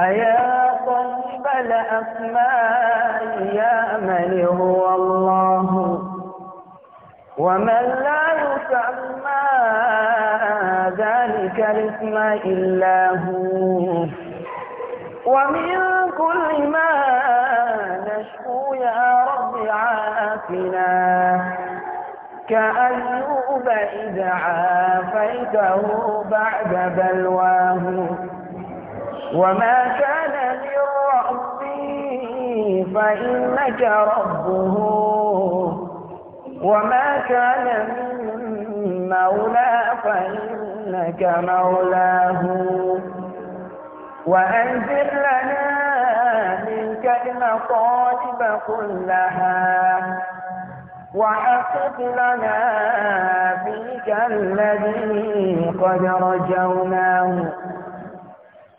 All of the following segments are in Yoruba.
أيا طيب الأسماء يا من هو الله ومن لا يسمى ذلك الاسم إلا هو ومن كل ما نشكو يا رب عافنا كأيوب إذ عافيته بعد بلواه وما كان من ربي فإنك ربه وما كان من مولى فإنك مولاه وأنزل لنا منك المطالب كلها وحقق لنا فيك الذي قد رجوناه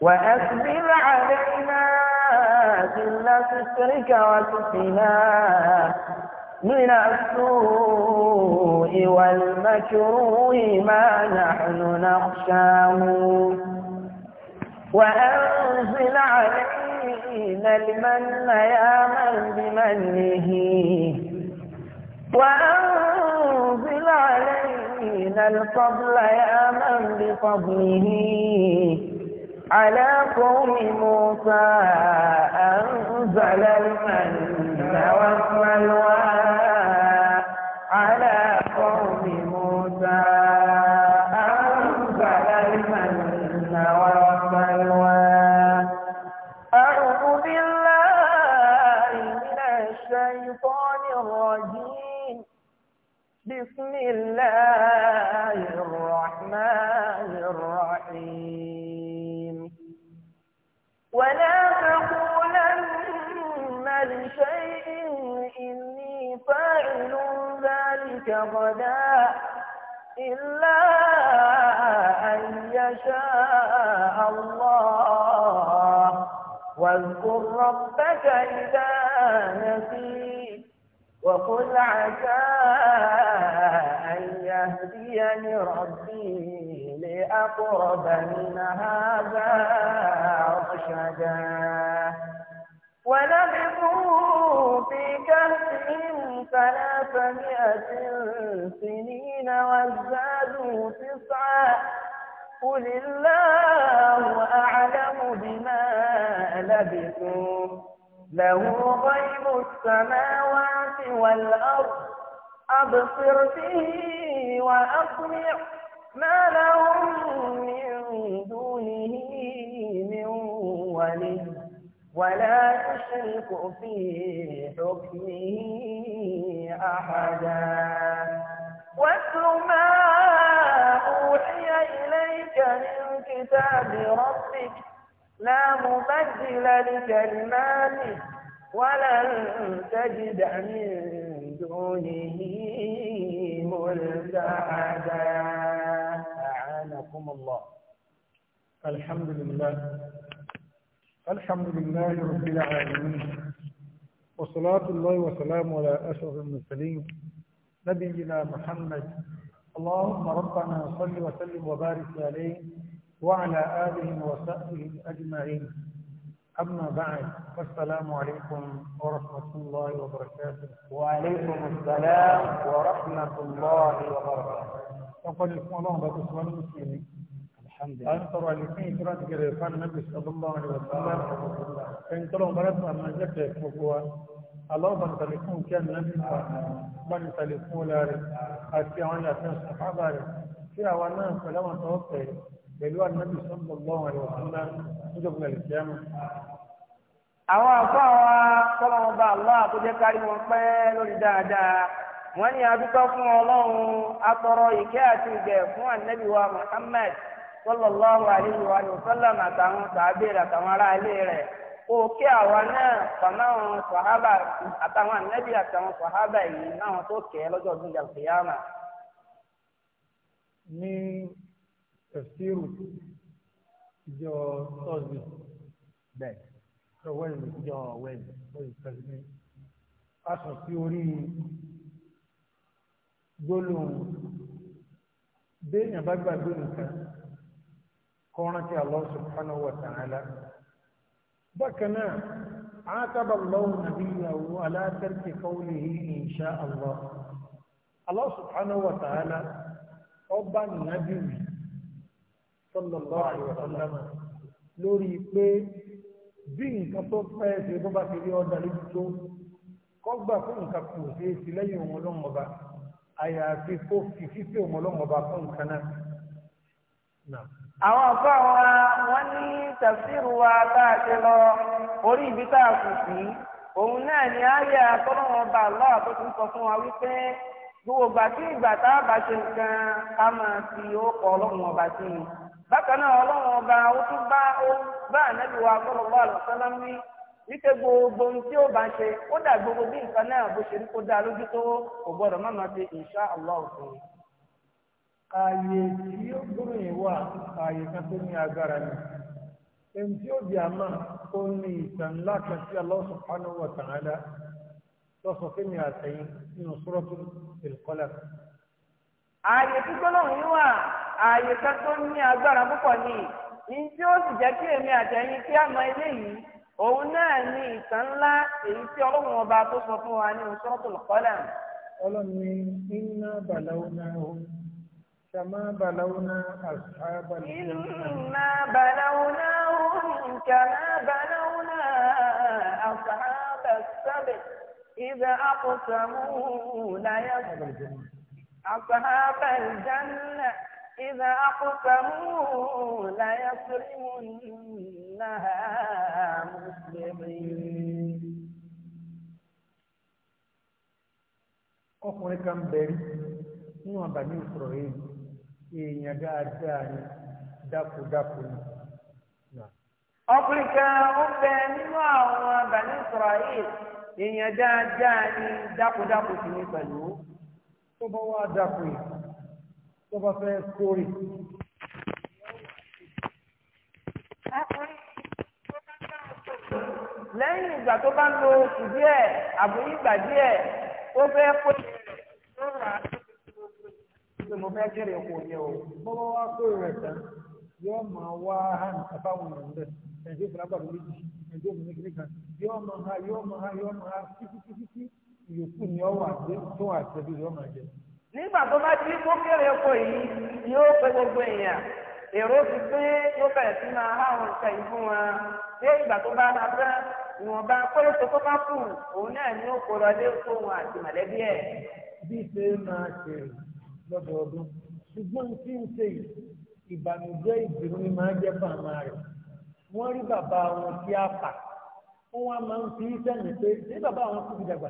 وأكبر علينا سلة الشرك وسقنا من السوء والمكروه ما نحن نخشاه وأنزل علينا المن يا من بمنه وأنزل علينا الفضل يا من بفضله على قوم موسى أنزل المن والسلوى واذكر ربك إذا نسيت وقل عسى أن يهديني ربي لأقرب من هذا رشدا ولبثوا في كهفهم ثلاثمائة سنين وازدادوا تسعا قل الله أعلم بما لبثوا له غيب السماوات والأرض أبصر به وأسمع ما لهم من دونه من ولي ولا يشرك في حكمه أحدا واتل ما أوحي إليك من كتاب ربك لا مبدل لكلماته ولن تجد من دونه ملتحدا أعانكم الله الحمد لله الحمد لله رب العالمين وصلاة الله وسلام على أشرف المرسلين نبينا محمد اللهم ربنا صل وسلم وبارك عليه وعلى آله وصحبه أجمعين أما بعد فالسلام عليكم ورحمة الله وبركاته وعليكم السلام ورحمة الله وبركاته وقال لكم الله بأسوان المسلمين الحمد لله أنت رأيكم إكرات كريفان النبي صلى الله عليه وسلم إن ترى مرتبا من جدك مقوى الله بن تلكم كان نبي بن تلكم لاري أتي عن أتنس أحضاري في أولنا فلما توقعي pẹ̀lú ànábì sallallahu alaihi wasallam níjọba ìlẹ̀kẹ́mù. àwọn àfáà wa tọ́lọ́wọ́n bá Allah tó jẹ́ kárí wọn pẹ́ lórí dáadáa wọ́n ní adúpẹ́ fún ọlọ́run atọrọ ìkẹ́ àti ìgbẹ́ fún ànábì wa Muhammad sallallahu alaihi wasallam àtàwọn sàábẹ̀rẹ̀ àtàwọn ará ilé rẹ̀ òkè àwa náà pàmáwọn àtàwọn ànábì àtàwọn yìí náà tó kẹ́ lọ́jọ́ ọdún yàtọ̀ yàmà. ní tẹ̀síìrù ìjọ tọ́sí bẹ́ẹ̀ ìjọ wẹ́ẹ̀lì ìjọ wẹ́ẹ̀lì wẹ́ẹ̀lì tẹ̀sí a sùn sí orí gbólóhùn béèyàn bá gbàgbé nìkan kọ́ran tí Allah subhanahu wa ta'ala bákan náà عاتب الله نبيه على ترك قوله إن شاء الله الله سبحانه وتعالى ọba nàbí sallallahu alaihi wasallam lórí pé bí nǹkan tó fẹ́ ṣe bó bá ti rí ọ̀dà lójú tó kọ́gbà fún nǹkan kò ṣe é sí lẹ́yìn òun ọlọ́run ọba àyàfi kó fi fífi òun ọlọ́run ọba fún nǹkan náà. àwọn ọ̀gá wa wọ́n ní tafsiru wa bá a ṣe lọ orí ibi tá a kù sí òun náà ni ayé àtọ́lọ́run ọba tó ti ń sọ fún wa wípé gbogbo ìgbà ìgbà tá a bá ṣe nǹkan ká máa fi ó kọ ọlọ́run sí i. bákan náà ọlọ́run ọba ó tún bá ó bá ànábì wa sallallahu alaihi wasallam wí wípé gbogbo ohun tí ó bá ń ṣe ó dà gbogbo bí nǹkan náà bó ṣe kó lójú tó insha Allah ààyè tí ó gbúrò yìí wà ààyè ni ẹni tí ó di àmà ó ní ìtàn ńlá kan sí wa ta'ala lọ́sọ̀ fún mi àtẹ̀yìn nínú ààyè tí gbólóhùn yín wà ààyè kan tó ní agbára púpọ̀ ni ní tí ó sì jẹ́ kí èmi àtẹ̀yìn kí a mọ eléyìí òun náà ní ìtàn ńlá èyí tí ọlọ́run ọba tó sọ fún wa nínú Suratul Qalam. ọlọ́ni iná bàláwo náà ó kàmá náà àṣàbà lè. iná bàláwo náà ó kàmá bàláwo náà àṣàbà sábẹ̀ ìdá àkọsàmù láyà. أصحاب الجنة إذا أقسموا ليصرمنها مسلمين ọkùnrin kan bẹ̀rí nínú àbàmì ìsọ̀rọ̀ yìí èèyàn dáadáa ni dákúdákú ni. ọkùnrin kan ó bẹ nínú àwọn àbàmì ìsọ̀rọ̀ yìí èèyàn dáadáa ni dákúdákú sì ni pẹ̀lú. tó bá wá dàpọ̀ yìí tó bá lẹ́yìn ìgbà tó bá ń lo oṣù díẹ̀ àbúyí ìgbà díẹ̀ tó fẹ́ fẹ́ kéré yẹ o. bó bá wá kórè rẹ̀ tán yóò máa wá hàn àbáwọn èèyàn rẹ̀ ẹ̀jẹ̀ ha ha ha ìyókù ni ọ wà dé tó wà tẹbi yóò máa jẹ. nígbà tó bá ti kó kéré ọkọ yìí yóò pé gbogbo èèyàn èrò ti pé yóò bẹ̀rẹ̀ sí máa há àwọn nǹkan yìí fún wọn ṣé ìgbà tó bá ra fẹ́ ìwọ̀nba kólóso tó bá kù òun náà ni ó kó lọlé fún wọn àti mọ̀lẹ́bí ẹ̀. bí ṣe máa ṣe lọ́dọọdún ṣùgbọ́n tí ń ṣe ìbànújẹ́ ìbínú ni máa ń jẹ́ fún àmà rẹ̀ wọ́n rí bàbá wọn kí á fà wọ́n wá máa ń fi í sẹ́yìn pé ṣé bàbá wọn kú ti dàgbà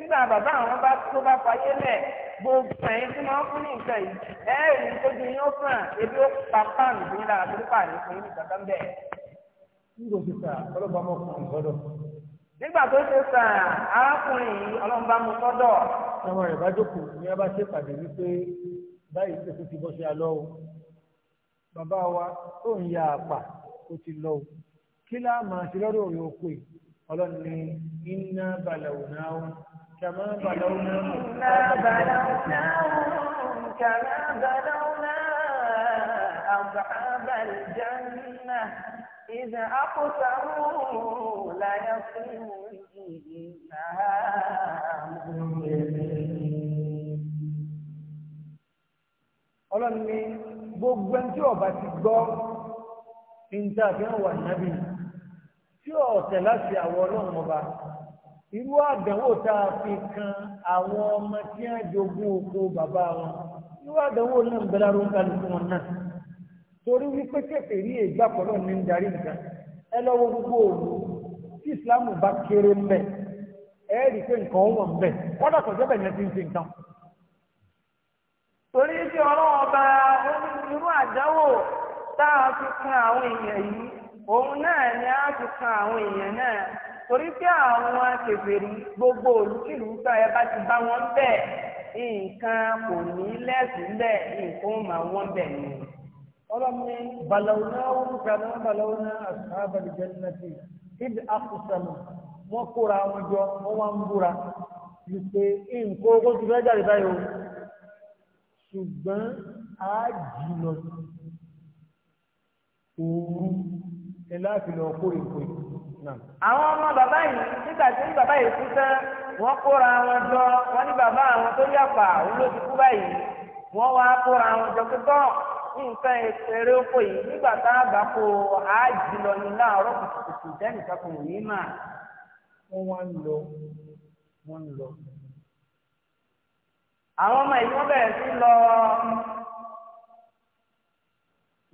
nígbà bàbá àwọn bá tó bá fayé lẹ̀ gbogbo ẹ̀yin tí wọ́n fún ní nǹkan yìí ẹ rí ojú yín ó fàn ebi ó pa páànù bí lára tó pa àlè fún yín nǹkan bẹ́ẹ̀. nígbà tó sà ọlọ́ba mọ̀ fún ìgbọ́dọ̀. nígbà tó ṣe sà arákùnrin yìí ọlọ́ba mú sọ́dọ̀. ọmọ rẹ̀ bá jókòó ní abá ṣe pàdé wípé báyìí tó ti bọ́ sí alọ́ o bàbá wa tó ń ya àpà ó ti lọ o kí láà máa ṣe lọ́dọ̀ òun ò pè ọlọ́ni iná balẹ̀ òun náà كما بلوناهم كما بلوناهم كما بلونا أصحاب الجنة إذا أقسموا ليصلونها ọlọ́run ní gbogbo ẹni tí ọba ti gbọ́ ní tí a fi hàn wà nábì tí ọ̀tẹ̀ láti àwọ̀ ọlọ́run ọba irú àdánwò tá a fi kan àwọn ọmọ tí wọ́n jogún oko bàbá wọn irú àdánwò náà ń bẹ lára ń kalu wọn náà torí wípé kẹfẹ rí ìgbà pọlọ ní ń darí nǹkan ẹ gbogbo òru tí ìsìlámù bá kéré ń ẹ rí i pé nǹkan ti ń nǹkan. torí tí ọlọ́wọ́ àdánwò tá a fi kan àwọn èèyàn yìí òun náà ni a fi torí pé àwọn kèfèrí gbogbo olùkìlú tó ẹ bá ti bá wọn bẹ́ẹ̀ nǹkan kò ní lẹ́sùn bẹ́ẹ̀ nǹkan ó máa wọ́n bẹ̀ ni. ọlọ́mi balawuna olùkàdá balawuna ashabal jannati ibi akusamu wọn kóra wọn jọ wọn wá ń búra wípé nǹkan ogun ti fẹ́ jáde báyìí o ṣùgbọ́n a jìnnà òru ẹ̀ láti lọ kó èkó yìí àwọn ọmọ bàbá yìí nígbà tí bàbá yìí kú tán wọ́n kóra wọn jọ wọ́n ní bàbá àwọn tó yàpá òun ló ti kú báyìí wọ́n wá kóra wọn jọ pé tán nǹkan eré oko yìí nígbà tá a bá kó àájì lọ ní láàárọ̀ kùtùkùtù dẹ́nìkan kò ní mà wọ́n wá ń lọ wọ́n ń lọ àwọn ọmọ yìí bẹ̀rẹ̀ sí lọ.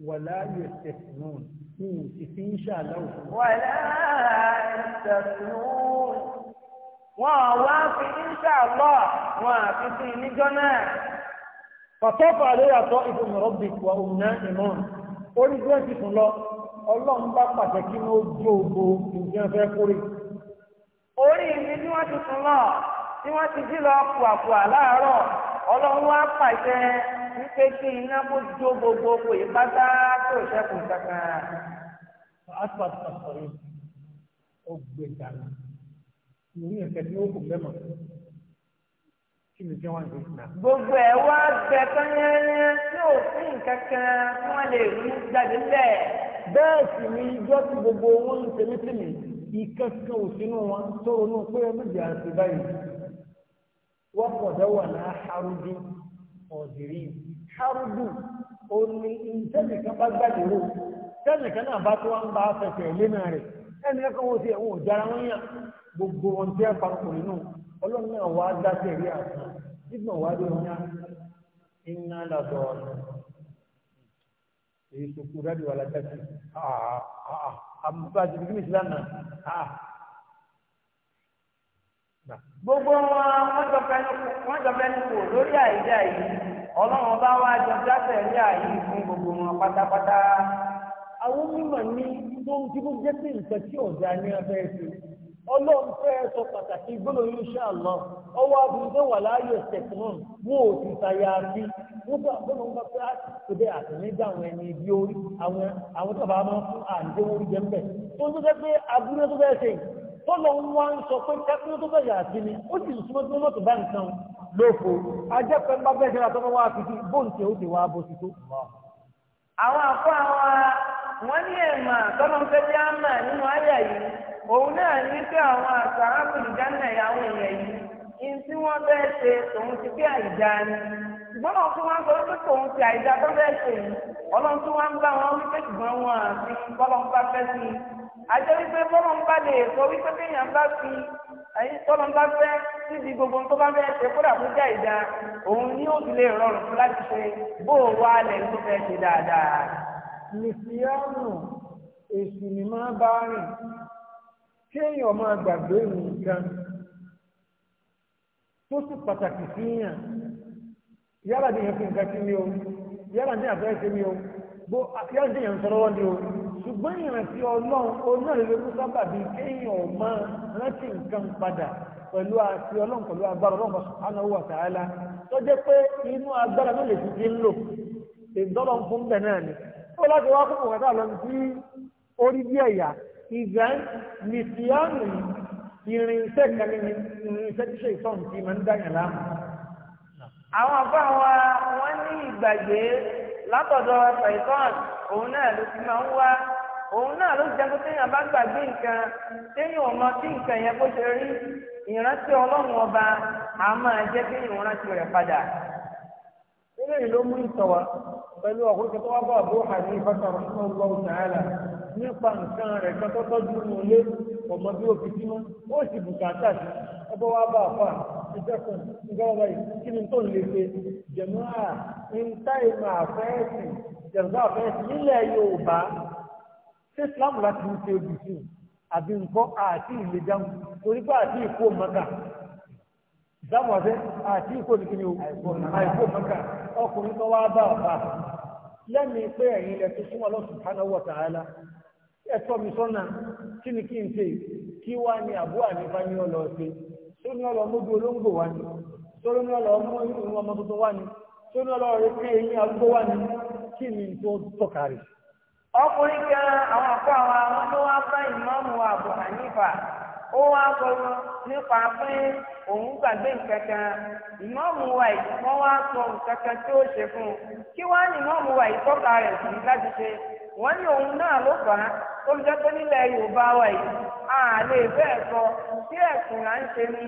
wàlá yóò tẹ̀sán náà. ní ìsìnkú ìṣàlọ́wọ́. wàlá ìṣàfihàn wá fi ìṣàlọ́ wọn àfi sí níjọ́ náà. fàtọ́fà àléyà tọ́ ìfún rọ́bì wa òun náà ìmọ̀ Ó ní wọ́n ti lọ ọlọ́run bá pàṣẹ kí ó jó ògbó ìjẹun fẹ́ kórè. orí mi ni wọ́n ti lọ tí wọ́n ti jí lọ ọlọ́run wá kí iná jó tí ò sẹ́kù kankan asfalt pàṣẹ ó ẹ̀kẹ́ tí ó kù mẹ́mọ̀ kí ni jẹ́wọ́n gbogbo wá bẹ tí ò sí nǹkan kan lè rí jáde bẹ́ẹ̀ sì ni gbogbo ń tẹ̀lé wọn tó ronú pé àti báyìí wọ́n pọ̀ náà harudu ọ̀dìrí harudu. ó ní ìtẹ́nìkan bá gbàdé rò tẹ́nìkan náà bá tó wá ń bá fẹsẹ̀ lẹ́nà rẹ̀ ẹnì kan wọ́n ti ẹ̀wọ̀n òjára wọn yàn gbogbo wọn tẹ́ parapọ̀ nínú ọlọ́run náà wá dá tẹ̀lé àtàn nígbà wá dé wọn yá iná lọ́dọ̀ ọ̀nà èyí sọkú dájú wà lájà sí àbúbájú bíbí ìsìlá náà gbogbo wọn wọn jọ fẹ́ nípò lórí àìdá yìí ọlọ́run bá wá jọ jáde ní ààyè fún gbogbo wọn pátápátá. àwọn mímọ̀ ní tó ń dúró jẹ́ pé nǹkan tí ọ̀dà ní abẹ́ ṣe ọlọ́run fẹ́ sọ pàtàkì gbọ́dọ̀ yóò ṣe àlọ́ ọwọ́ abúlé wà láàyè ṣẹ̀tì náà wọn ò sì ṣàyà àfi wọn bá gbọ́dọ̀ wọn bá fẹ́ àtìkò dé àtìlẹ́gbẹ̀ àwọn ẹni ibi orí àwọn àwọn tó bá máa ń fún àǹdé orí jẹ́ mbẹ́ tó ń dúró pé abúlé tó bẹ́ẹ̀ ṣe tọ́lọ́ ń wá ń sọ pé kẹ́kẹ́ tó bẹ̀yà àti ni ó sì súnmọ́ tí mọ̀ tó bá nǹkan lófo ajẹ́pẹ́ bá bẹ́ẹ̀ sẹ́ra tọ́mọ́ wá fi bóǹtẹ̀ ó ti wá bó ti tó. àwọn àpò àwọn wọn ní ẹ̀mà tọ́nà ń fẹ́ bí á mà nínú àyà yìí òun náà ní pé àwọn àṣà arákùnrin gánà ìyàwó èèyàn yìí ní tí wọ́n bẹ́ẹ̀ ṣe tòun ti pé àìdá ni ṣùgbọ́n àwọn tún wá ń sọ pé tòun ti àìdá tó bẹ́ẹ̀ ṣe yìí ọlọ́run tún wá ń bá wọn wípé ṣùgbọ́n wọn àfi bọ́lọ́ ń bá fẹ́ sí i àjẹ́ wípé bọ́lọ́ ń bá lè sọ wípé kéèyàn bá fi ayé tọ́lọ́ bá fẹ́ níbi gbogbo tó bá fẹ́ ṣe kódà fún jà ìjà òun ni ó ti lè rọrùn fún láti ṣe bó o wá lẹ̀ tó fẹ́ ṣe dáadáa. nìfìyàmù èsì ni máa bá rìn kéèyàn máa gbàgbé nǹkan tó sì pàtàkì fíyàn yálà ní ìyẹn fún nǹkan sí mi o yálà ní àbẹ́rẹ́ sí mi o yálà ní ìyẹn sọ lọ́wọ́ ni o ṣùgbọ́n ìrántí ọlọ́run onírèlérú sábà bíi kéèyàn máa rántí nǹkan padà pẹ̀lú àti ọlọ́run pẹ̀lú agbára ọlọ́run subhanahu wa ta'ala tó jẹ́ pé inú agbára náà lè fi ti ń lò ìdọ́lọ́ fún bẹ̀ náà ni ó láti wá kókò kẹta lọ sí orí bí ẹ̀yà ìgbà nìfìyàmù irinṣẹ́ kan ní irinṣẹ́ tíṣe ìtọ́n tí máa ń dáyàn láàmú. àwọn àbá wa wọ́n ní ìgbàgbé látọ̀dọ̀ ṣàìtàn òun náà ló ti máa ń wá òun náà ló jẹ́ pé téèyàn gbàgbé nǹkan téèyàn ọmọ tí nǹkan yẹn bó ṣe ọba a máa jẹ́ pé ìrántí rẹ̀ padà. nínú ìlú mú ìtọ̀wá pẹ̀lú ọ̀hún tó wá bọ̀ bó hàní ìfọ̀tà ọ̀hún lọ sàálà nípa nǹkan rẹ̀ kan tó tọ́jú nínú ilé ọmọ bí ó fi sí mọ́ ó sì bùkátà sí ọbọ̀ wá bá àfà ìjọkùn ìgbàlọ́wọ́ yìí kí ni tó lè ṣé islam láti ń ṣe ojú àbí nǹkan àti ìlè dáhùn torí pé àti ìkó mọ́kà dáhùn ọ̀sẹ̀ àti ìkó nìkíni o àìkó mọ́kà ọkùnrin tó wá bá ọ̀pá lẹ́mìí pé ẹ̀yin ilẹ̀ tó súnmọ́ Allah subhanahu wa ta'ala ẹ tọ́ ni kí n ṣe kí ní àbú ní ni tó ọkùnrin kan àwọn àpò àwọn àwọn tó wá bá ìmọ̀ọ́mù ó wá sọ nípa pé òun gbàgbé nǹkan kan ìmọ̀ọ́mù wa yìí wọ́n wá sọ nǹkan kan tí ó ṣe fún un kí wọ́n á ní ìmọ̀ọ́mù wa yìí tọ́ka rẹ̀ sí láti ṣe wọ́n ní òun náà ló a lè bẹ́ẹ̀ sọ tí ẹ̀sùn là ń ṣe ni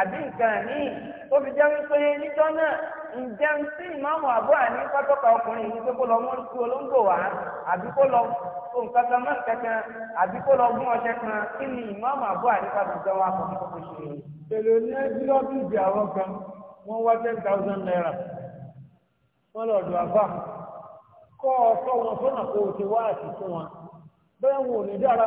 àbí nǹkan míì tó fi jẹ́ wípé níjọ́ náà ǹjẹ́ ń sí ìmáàmù àbúrò àní ọkùnrin yìí pé kó lọ mú olóńgbò wá àbí kó lọ nǹkan kan àbí kó lọ gún ọṣẹ kan kí ni ìmáàmù àní wa kò ní kó kó ṣe. kan wọ́n wá ten thousand naira wọ́n lọ dùn àbá o ti wá wọn bẹ́ẹ̀ wò ní dára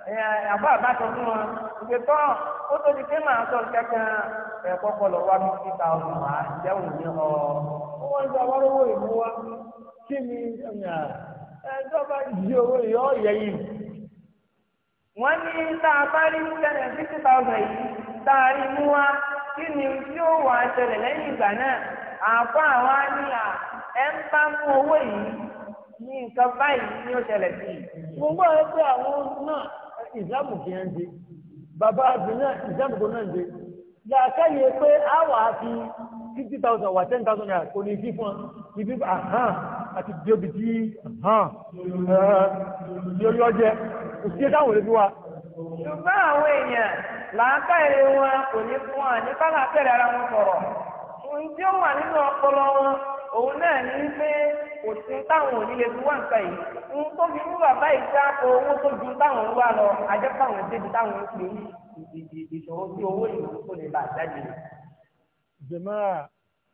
àbá a fún wa. ìgbè tán ó tó di pé màá sọ kankan wá wá ìjẹun ní ọ. wọ́n ń sọ wọ́n lówó ìlú wa kí ni ẹ̀ńtọ́ba di owó ìyọ́ ọ̀yẹ́ yìí. wọ́n ní tá a bá rí sẹ́lẹ̀ fifty thousand yìí tá a rí mú wa kí ni lẹ́yìn ìgbà náà àpá àwa ní à ẹ̀ ń bá mú owó yìí ní nǹkan báyìí ní ó ṣẹlẹ̀ sí i. mo ìsìlámù fi hàn jẹ bàbá àbí náà ìsìlámù kò náà jẹ làákàyè pé a wà á fi fifty thousand wà ten thousand naira kò ní sí fún ọ ibi àhán àti bíobi tí hàn yóò jẹ òsì táwọn olè fi wá. ṣùgbọ́n àwọn èèyàn làákàyè wọn kò ní fún wa ní kálá tẹ̀lé ara wọn sọ̀rọ̀ ohun tí ó wà nínú ọpọlọ wọn. òun náà ní pé kò sí táwọn onílé fi wá nǹkan yìí ń tó fi owó tó ju táwọn ń wá lọ àjẹpáwọn débi táwọn ń pè é ìṣòro owó ìlú kò lè àjáde.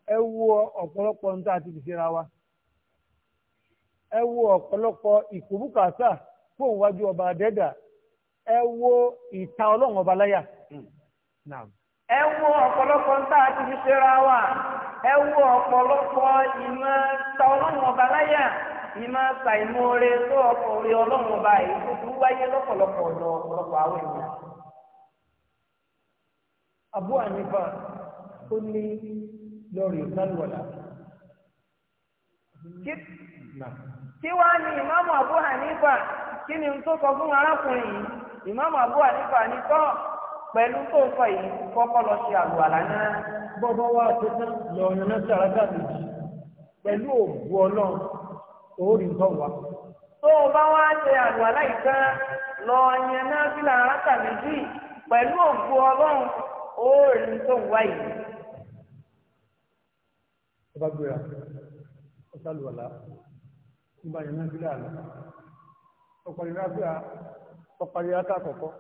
ẹ wo ọ̀pọ̀lọpọ̀ ohun a ti fi ṣera wa ẹ wo ọ̀pọ̀lọpọ̀ ìkòbúkàṣà fún ìwájú ọba àdẹ́dà ẹ wo ìta ọba láyà. ẹ wo ọ̀pọ̀lọpọ̀ ohun wa. Ewu wo ọ̀pọ̀lọpọ̀ ìmọ̀ ta ọlọ́run ọba láyà ìmọ̀ ta ìmọ̀ọ́rẹ́ tó ọkọ̀ orí ọlọ́run ọba yìí tó tún wáyé lọ́pọ̀lọpọ̀ ọ̀dọ̀ ọ̀pọ̀lọpọ̀ àwọn èèyàn. Abu Hanifa ó ní lọ́ọ̀rì kí wàá ní Abu kí ni n tó sọ fún arákùnrin yìí pẹ̀lú tó ń fọ yìí kọ́kọ́ lọ ṣe àlà náà. bọ́bọ́ wá ṣe tán náà pẹ̀lú òògùn ọlọ́run òórì tó bá wá ṣe àlùwàlá yìí tán lọ yan náà fílà rákà pẹ̀lú òògùn ọlọ́run òórì yìí. bá gbéra bá náà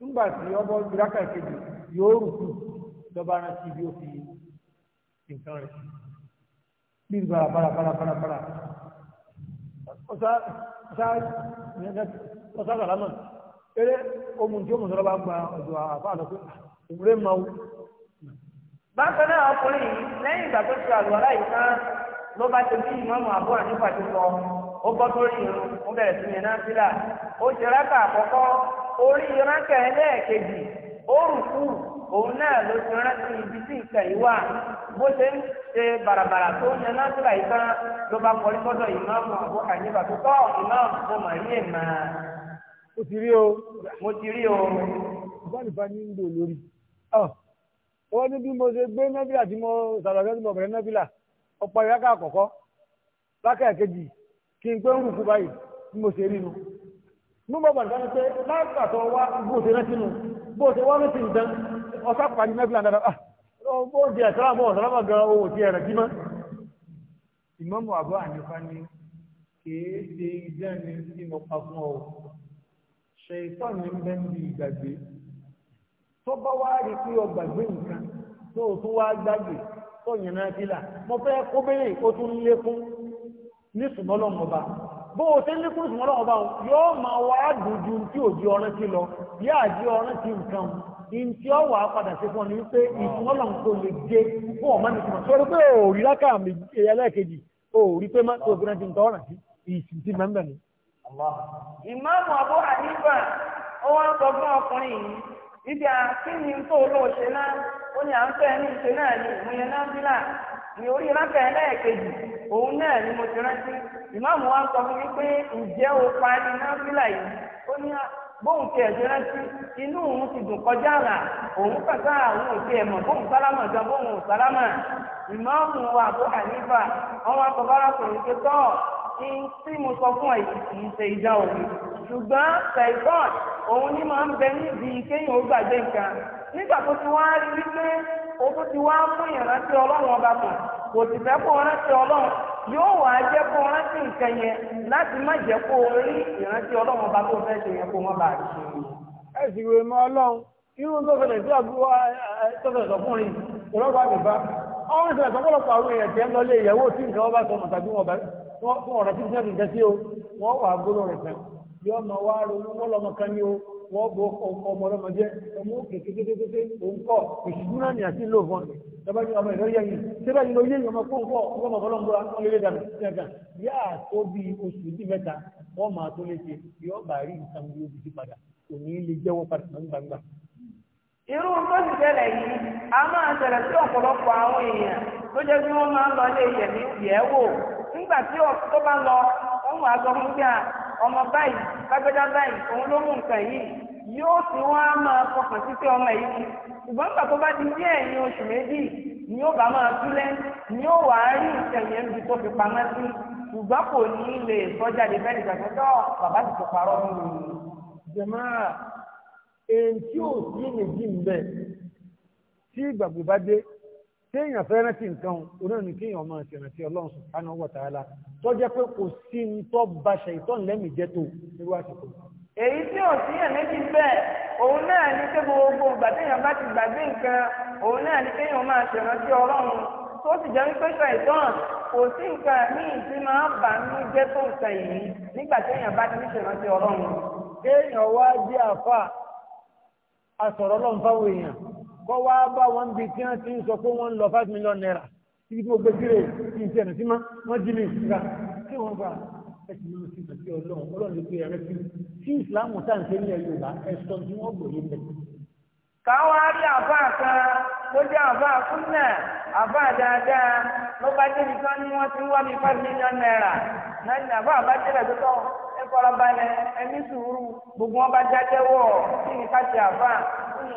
nígbà tí ọbọ̀ ìrákà kejì yóò rùkú lọ́ba rántí bí ó fi nǹkan rẹ̀ bí bara bara bara bara bara ọ̀sá sàlámà eré ohun tí ó mú sọ́rọ́ bá gba ọ̀dọ̀ àfáà lọ pé òwúrẹ́ máa wú. bákan náà ọkùnrin yìí lẹ́yìn ìgbà tó ṣe àlùwàlá yìí tán ló bá ti bí ìmọ̀ọ́mù àbúrò nípa ti sọ ó bọ́ sórí irun ó bẹ̀rẹ̀ sí yẹn náà sílà ó ṣe rákà àkọ́kọ́ orí ìránkẹ́ ẹlẹ́ẹ̀kejì orùkù òun náà ló ti rántí ibi tí nǹkan yìí wà bó ṣe ṣe bàràbàrà tó ń yan násìlà yìí tán ló bá kọrí ìmáàmù tó tọ́ ìmáàmù mo mà mo ti rí o. mo ti rí o. ìbánifá ní ń lórí. wọ́n ní gbé tí mo tí nígbà gbàgbà ní pé látàtọ̀ wá bóòsẹ̀ rẹ̀ sínú bóòsẹ̀ wá mẹ́sìn ìdán ọ̀sá pàdé mẹ́fìlà dáadáa ah, bóòsẹ̀ ẹ̀sọ́lámọ̀ ọ̀sọ́lámọ̀ gan owó ti ẹ̀rẹ̀ jímọ́ ìmọ́mù àbọ̀ ànífà ni kìí ṣe ìdán ní sí mo pa fún ọ ṣe ìtọ́ ní bẹ́ ń bi ìgbàgbé tó bá wá rí pé o gbàgbé nǹkan tó o tún wá gbàgbé tó yẹn náà fìlà mo fẹ́ kó bẹ́ẹ̀ o tún lé fún ní ṣùgbọ́n lọ́mọba bó o ṣe ń lékún ọba ọlọ́run bá wọn yóò máa wá dùjú tí ò di sí lọ yáà ji ọrịa sí nǹkan in tí ó wà á padà sí fún ọ ní wípé ìsìnkú ọlọ́run lè jẹ fún ọmọ mi eh, pé má tó sí ìsìn tí ni. ìmáàmù ó wá ń sọ fún ọkùnrin yìí ní orí rákà ẹlẹ́ẹ̀kejì òun náà ni mo ti rántí ìmáàmù wa sọ fún mi pé ǹjẹ́ o parí náfìlà yìí ó ní bóun tiẹ̀ ti rántí inú òun ti dùn kọjá àlà òun kàkà àwọn òkè ẹ̀mọ̀ bóun sálámà jọ bóun ò sálámà ìmáàmù wa àbó ànífà wọn wá sọ bára tí mo sọ fún kì í ṣe ṣùgbọ́n òun ni máa ń bẹ níbi nǹkan nígbà tó ti wá ó tún ti wá mú ìrántí ọlọ́run ọba kan kò sì fẹ́ kó rántí ọlọ́run yóò wá jẹ́ kó rántí nǹkan yẹn láti má jẹ́ kó rí ìrántí ọlọ́run ọba tó fẹ́ ṣe yẹn kó wọ́n bá a ṣe. ẹ sì wèé mọ ọlọ́run irú tó fẹlẹ̀ sí àbúrò tọ́fẹ̀ sọkùnrin ìrọ́bà nìbá ọmọ ìṣẹ̀lẹ̀ sọ́pọ̀lọpọ̀ àwọn èèyàn tẹ́ ń lọ ìyàwó tí nǹkan ọba sọmọ tàbí wọn ọ̀rẹ́ tí nǹkan sí o wọ́n wà gbọ́dọ̀ rẹ̀ sàn yọ ọmọ wa ronú wọ́n lọmọ kan ní o wọ́n bọ ọmọ ọlọ́mọdé ọmọ kékeré òun kọ́ ìṣúná ni àti lò fún ọ̀nà tọ́ba ní ọmọ ìrọ́yẹ yìí tẹ́bà ní oyé ìyọmọ kó ń a jẹ́ lágbẹ́dá báyìí òun ló mú nǹkan yìí yóò sì wọ́n á máa fọkàn sí pé ọmọ yìí ṣùgbọ́n nígbà tó bá di ní ẹ̀yìn oṣù méjì ni yóò bá máa túlẹ̀ ni yóò wá rí ìṣẹ̀yẹ̀ níbi tó fi pamọ́ sí ṣùgbọ́n kò ní lè fọ́jáde bẹ́ẹ̀ nígbà tó tọ́ bàbá ti parọ́ mú un. jẹ̀máà èyí tí ò sí méjì ń bẹ̀ tí ìgbàgbé bá dé téèyàn fẹ́ rántí nǹkan onáà ní kéèyàn máa ti rántí ọlọ́run subhanahu wa ta'ala tó jẹ́ pé kò sí ń tọ́ ba ṣàìtọ́n lẹ́mì jẹ́ tó nírú àsìkò. èyí tí ò sí ẹ̀mẹ́jì bẹ́ẹ̀ òun náà ní pé gbogbo ìgbà téèyàn bá ti gbàgbé nǹkan òun náà ní kéèyàn máa ti rántí ọlọ́run tó sì jẹ́ wípé ṣàìtọ́n kò sí nǹkan míì tí máa bà ń jẹ́ tó nǹkan yìí nígbà téèyàn bá kọ́ wá bá wọn bí tí wọ́n ti ń sọ pé wọ́n ń lọ five million naira tí kí wọ́n gbé sílẹ̀ kí n ti ẹ̀nà sí má wọ́n jí mi ìgbà kí wọ́n gba ẹ̀sìn mímu sí ìgbà sí ọlọ́run ọlọ́run ló pe ẹ̀rẹ́ sí sí ìsìlámù tá à ń sẹ́yìn ẹ̀yọ́ ìgbà ẹ̀sọ́ tí wọ́n gbọ́ yé bẹ̀. káwọn arí àbá kan tó jẹ́ àbá kúnnà àbá dáadáa ló bá dé nìkan ni wọ́n ti wá mi five million naira náà àbá àbájẹ́rẹ̀ tó tọ́ ẹ farabalẹ̀ ẹni sùúrù gbogbo wọn bá jáde wọ̀ kí ni ká ti àbá kí ni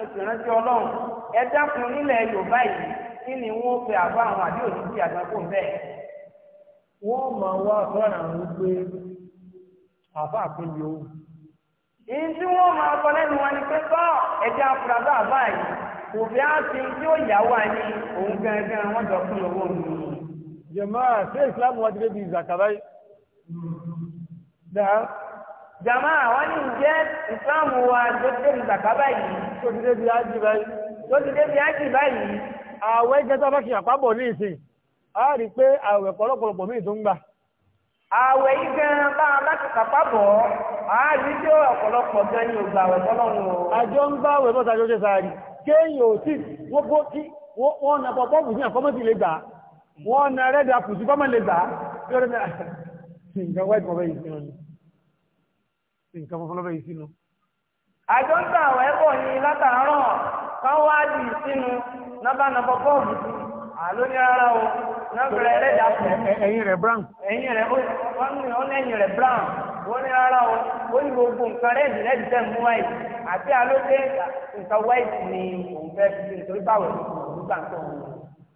ọlọ́run ẹ dákun nílẹ̀ yorùbá yìí kí ni wọ́n pe àbá àwọn àbí òní sí bẹ́ẹ̀. wọ́n máa wá sọ́ra àwọn pé àbá èyí tí wa ni pé bá ẹja afurá bá àbá yìí kò fi àti tí ó yà wá ní òun gangan wọ́n jọ fún owó mi. jàmáà ṣé ìsìlámù wa ti débi ìzàkàrà yìí. jàmáà wọ́n ní ìjẹ́ wa tó yìí. tó ti débi ájì báyìí àwẹ̀ jẹta bá kìyàn pábọ̀ ní ìsìn a rí pé àwẹ̀ pọ̀lọpọ̀lọpọ̀ míì tó ń gbà àwẹ̀ yìí gan bá a bá ti kàpá bọ̀ a rí tí ó ọ̀pọ̀lọpọ̀ gan ni ògbà àwẹ̀ tọ́lọ́run o. àjọ ń bá àwẹ̀ bọ́ta jọjọ sáárì kéèyàn ò tí wọ́n bó kí wọ́n na pọ̀ pọ́ọ̀pù sí àkọ́mọ́sì lè gbà wọ́n na rẹ́dà pù sí kọ́mọ́ lè gbà lórí mi nǹkan wáìtì mọ́ bẹ́yìí sínú nǹkan fọ́fọ́ lọ́bẹ̀ yìí sínú. àjọ ń gbà àwẹ̀ bọ̀ ni kan wá di sínú nọ́mbà nọ́mbà bọ́ọ̀lù sí àló ní rárá o nọ́mbẹ̀rẹ̀ ẹlẹ́dàá fún ẹ̀yìn rẹ̀ brown ẹ̀yìn rẹ̀ wọ́n ní ọ̀nẹ́yìn rẹ̀ brown wọ́n ní rárá o ó ní gbogbo nǹkan rẹ́ẹ̀dì rẹ́ẹ̀dì tẹ̀ mú wáyé àti àló dé nǹkan wáyé ni òun fẹ́ fi ṣe nítorí báwo ni òun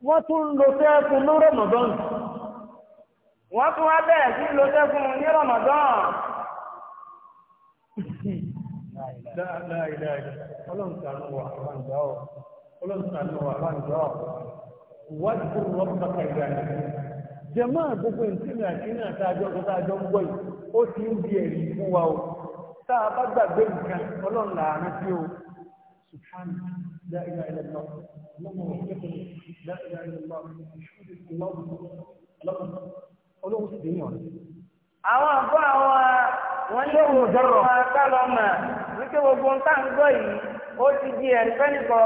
wọ́n tún lo sẹ́ẹ̀kùn ní rọ̀mọ̀dọ́n wọ́n tún wá bẹ̀rẹ̀ sí lo sẹ́ẹ̀kùn ní rọ̀mọ̀dọ́n láàrín ọlọ́ntàánú wà fáńdà ọ̀ ọlọ́ntàánú wà fáńdà ọ̀ wájú rọ́pàá kàìdà ní jẹmọ́ àgbogbo ìsinmi àti ní àtàjọ́ tó tàjọ́ ń gbọ́ yìí ó ti ń di ẹ̀rí fún wa o tá a bá gbàgbé nǹkan ọlọ́run làánú sí o subhan la ilaha illallah lọ́mọ wọ́n ní òwò máa ká lọ mà wípé gbogbo ń tàǹgọ̀ yìí ó ti di o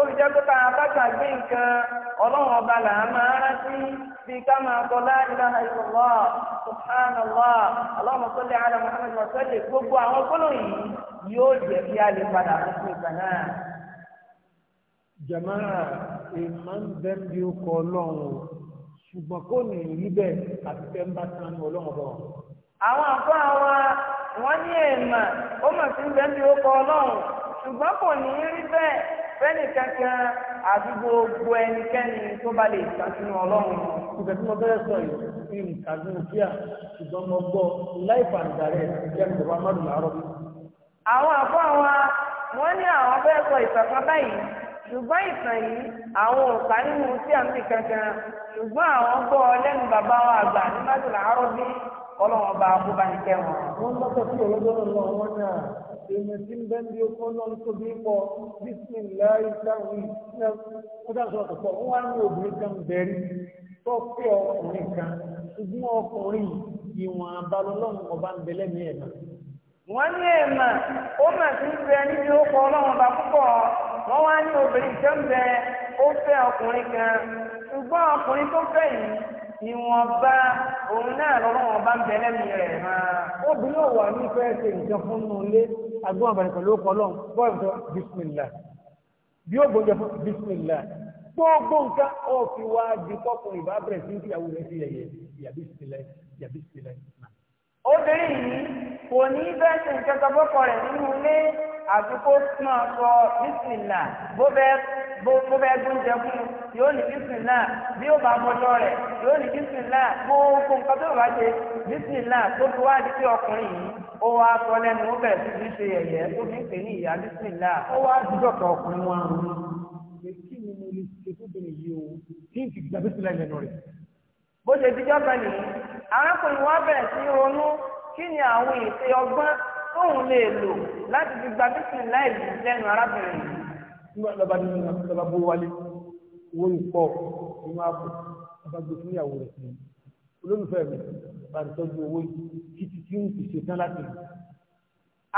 ó fi jẹ́ pé ká bá gbàgbé nǹkan ọlọ́run ọba là á máa rántí bí ká máa sọ la ala ala subhanallah allahumma salli ala muhammed gbogbo àwọn gbólóhùn yìí yóò jẹ́ kí a lè padà fún ìgbà náà. jamaa èèmọ̀ ń ọlọ́run àwọn àbọ̀ àwọn wọ́n ní èèmà ó mọ̀ sí bẹ́ẹ̀ bí ó kọ ọlọ́run ṣùgbọ́n kò ní í rí bẹ́ẹ̀ fẹ́ni kankan àti gbogbo ẹnikẹ́ni tó bá lè ṣàfihàn ọlọ́run. ìgbà tí mo sọ àwọn àbọ̀ ní àwọn sọ ìtàkùn báyìí ṣùgbọ́n ìtàn yìí àwọn nínú kankan ṣùgbọ́n àwọn gbọ́ lẹ́nu bàbá wa àgbà ní ọlọ́run ọba akóbá ní kẹ́ wọn. wọ́n lọ́sọ̀ tí olódóró lọ wọn náà èèyàn ń tóbi pọ̀ sáwì wọ́n dá sọ̀rọ̀ pọ̀ wọ́n wá ní obìnrin kan bẹ̀rí tó pé ọkùnrin kan ṣùgbọ́n ọkùnrin ìwọ̀n abalọ́lọ́run ọba ń bẹ lẹ́mìí ẹ̀ wọ́n ní ẹ̀mà ó ìwọ̀nba òun náà lọ́wọ́ wọn bá ń bẹ lẹ́mìí rẹ̀ máa. obìnrin ò wà ní fẹ́ ṣe nǹkan fún un lé agbọ́n àbẹ̀rẹ̀ pẹ̀lú ọkọ̀ ọlọ́run bọ́ọ̀lù tó bisimilá bí ó gbọ́njẹ fún bisimilá gbogbo nǹkan ó fi wá di kọ́kùn ìbá bẹ̀rẹ̀ sí ìyàwó rẹ̀ sí yẹ̀yẹ̀ yàbí sílẹ̀ yàbí sílẹ̀. obìnrin yìí kò ní fẹ́ ṣe nǹkan kan bọ́kọ̀ rẹ̀ nínú ilé àfikún náà sọ bisimilá bó bẹ́ẹ̀ bó bó bẹ gbóúnjẹ fún un yóò ní bísímìlá bí ó bá mọjọ rẹ yóò ní bísímìlá gbogbo nǹkan tó bá ṣe bísímìlá tó fi wá di pé ọkùnrin yìí ó wá sọ lẹ́nu ó bẹ̀rẹ̀ sí ṣe yẹ̀yẹ́ tó fi ń pè ní ìyá bísímìlá ó wá dúdọ̀tọ̀ ọkùnrin wọn rún un. kí ni mo lè ṣe tó bẹ̀rẹ̀ yìí o kí n ti gba bísímìlá ìlẹ̀nu rẹ̀. bó ṣe dijọ́ kan nìyí arákùnrin wa bẹ̀rẹ̀ sí ronú kí ni àwọn ète ọgbọ́n tóun lè lò láti fi gba bísímìlá ìlẹ̀nu arábìnrin yìí nígbà lọ́ba nínú lọ́ba bó wálé owó ìpọ̀ nínú àpò lọ́ba gbé fún ìyàwó rẹ̀ sí olólùfẹ́ mi bá ń tọ́jú owó títí tí ń fi ṣetán láti rí.